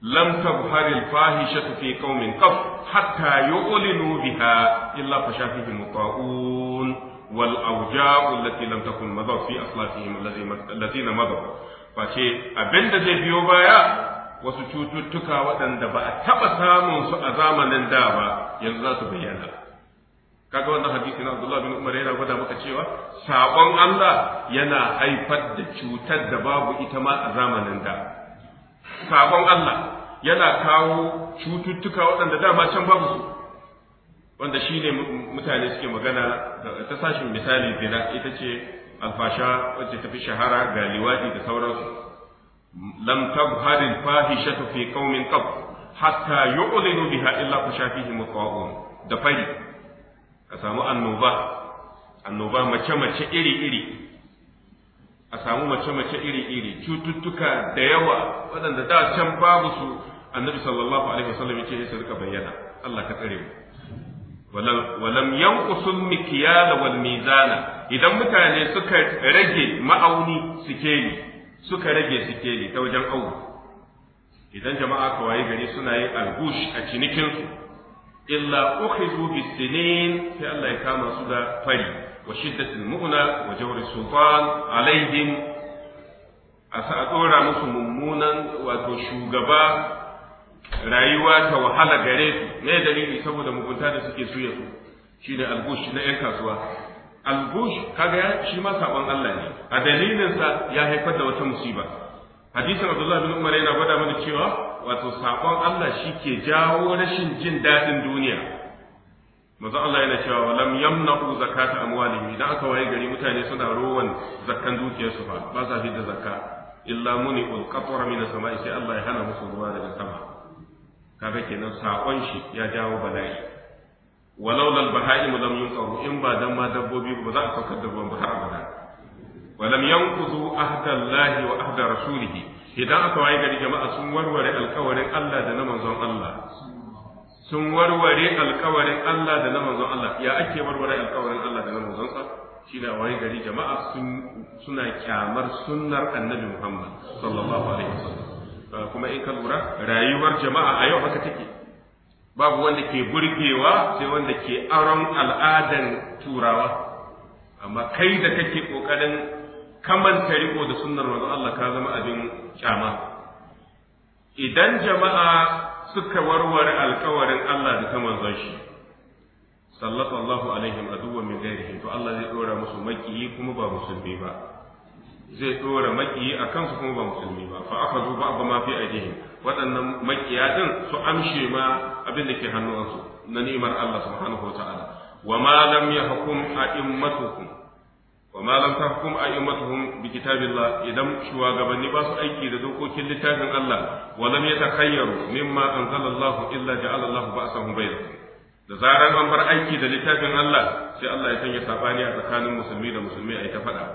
lam tabhar alfahishatu fi qaumin qaf hatta yu'linu biha illa fashafihi muqaun wal awja'u allati lam takun madaw fi aslafihim allazina madaw ce abinda zai biyo baya wasu cututtuka waɗanda ba a taɓa samun su a zamanin da ba yanzu za su bayyana kaga wannan hadisi na Abdullah bin Umar yana gwada maka cewa sabon Allah yana haifar da cutar da babu ita ma a zamanin da sabon Allah yana kawo cututtuka waɗanda dama can babu su wanda shine mutane suke magana ta sashin misali zina ita ce alfasha wacce tafi shahara ga liwadi da sauransu lam tabharil fahishatu fi qaumin qab hatta yu'linu biha illa kushafihi mutawun da fari a samu annoba annoba mace-mace iri-iri a samu mace-mace iri-iri cututtuka da yawa waɗanda da can babu su annabi sallallahu alaihi wasallam yake sai rika bayyana Allah ka tsare mu walam yanqusu mikyal wal mizana idan mutane suka rage ma'auni sikeli suka rage sikeli ta wajen awo idan jama'a kawai gari suna yin algush a cinikinsu illa ukhizu bisinin sai Allah ya kama su da fari wa shiddatil mu'na wa jawri sultan alaihim a musu mummunan wato shugaba rayuwa ta wahala gare su ne dalili saboda mugunta da suke suya su shine algush na yan kasuwa algush kaga shi ma sabon Allah ne a dalilin sa ya haifar da wata musiba hadisin Abdullahi bin Umar yana gwada mana cewa wato saƙon Allah shi ke jawo rashin jin daɗin duniya manzo Allah yana cewa walam yamna'u zakata amwalihim idan aka waye gari mutane suna rowan zakkan dukiyarsu fa ba za fitar da zakka illa muni ul qatwar min samai sai Allah ya hana musu ruwa daga sama kaga kenan saƙon shi ya jawo bala'i walau lal baha'im lam yunqaru in ba dan ma dabbobi ba za a saukar da ruwan ba har abada walam yanqudu ahdallahi wa ahda rasulihi idan aka waye gari jama'a sun warware alkawarin Allah da na manzon Allah sun warware alkawarin Allah da na manzon Allah ya ake warware alkawarin Allah da na manzon sa shine waye gari jama'a sun suna kyamar sunnar annabi Muhammad sallallahu alaihi wasallam ah, kuma in ka lura rayuwar jama'a a yau haka take babu wanda ke burgewa sai wanda ke aron al'adan turawa amma kai da kake kokarin kaman tariko da sunnar manzon Allah ka zama abin kyama idan jama'a suka warware alkawarin Allah da ta manzon shi sallallahu alaihim aduwa min ghairihim to Allah zai dora musu makiyi kuma ba musulmi ba zai dora makiyi a kansu kuma ba musulmi ba fa aka zo ba ma fi aidihim waɗannan makiya din su amshe ma abin da ke hannuwansu na ni'imar Allah subhanahu wa ta'ala wa ma lam yahkum a'immatukum wa ma lam tahkum a'immatuhum bi kitabillah idan shugabanni ba su aiki da dokokin littafin Allah wa lam yatakhayyaru mimma anzalallahu illa ja'ala Allahu ba'sahum bainahum da zarar an bar aiki da littafin Allah sai Allah ya sanya sabani a tsakanin musulmi da musulmi a faɗa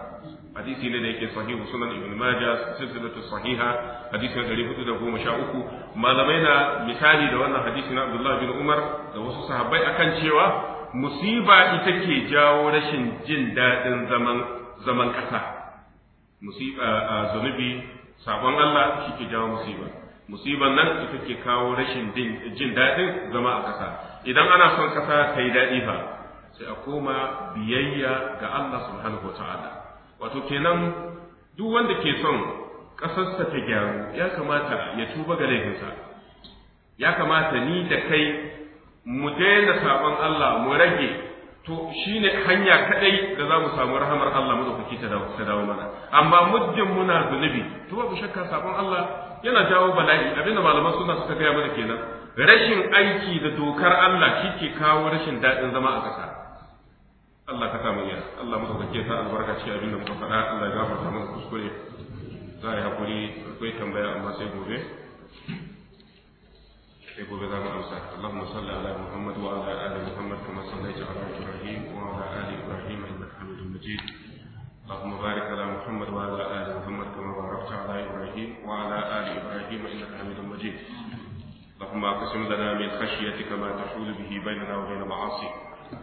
hadisi ne da yake sahihu sunan ibn Maja silsilatu sahiha hadisin 413 malamai na misali da wannan hadisi na Abdullah bin Umar da wasu sahabbai akan cewa musiba ita ke jawo rashin jin daɗin zaman zaman ƙasa musiba zunubi sabon Allah shi ke jawo musiba musiban nan ita ke kawo rashin jin daɗin zama a ƙasa idan ana son ƙasa ta yi daɗi fa sai a koma biyayya ga Allah subhanahu wa ta'ala wato kenan duk wanda ke son ƙasarsa ta gyaru ya kamata ya tuba ga laifinsa ya kamata ni da kai mu daina sabon Allah mu rage to shine hanya kadai da za mu samu rahamar Allah mu dauki ta dawo mana amma muddin muna zunubi to babu shakka sabon Allah yana jawo bala'i abinda malaman suna suka gaya mana kenan rashin aiki da dokar Allah shike kawo rashin daɗin zama a ƙasa Allah ka samu iya Allah mu dauke ta albarka ce abinda muka faɗa Allah ya gafarta mana kuskure za a yi hakuri akwai tambaya amma sai gobe sai gobe za mu amsa Allahumma salli ala Muhammad wa ala ali Muhammad kama sallaita ala Ibrahim wa ala ali Ibrahim innaka Hamidum Majid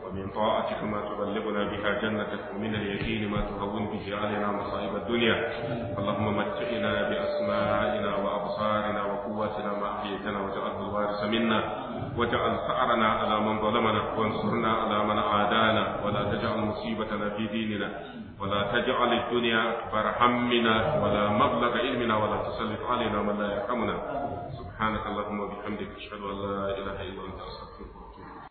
ومن طاعتك ما تبلغنا بها جنتك ومن اليقين ما تهون به علينا مصائب الدنيا اللهم متعنا بأسمائنا وأبصارنا وقواتنا ما أحييتنا وجعله الوارث منا واجعل ثأرنا على من ظلمنا وانصرنا على من عادانا ولا تجعل مصيبتنا في ديننا ولا تجعل الدنيا أكبر همنا ولا مبلغ علمنا ولا تسلط علينا من لا يرحمنا سبحانك اللهم وبحمدك أشهد أن لا إله إلا أنت أستغفرك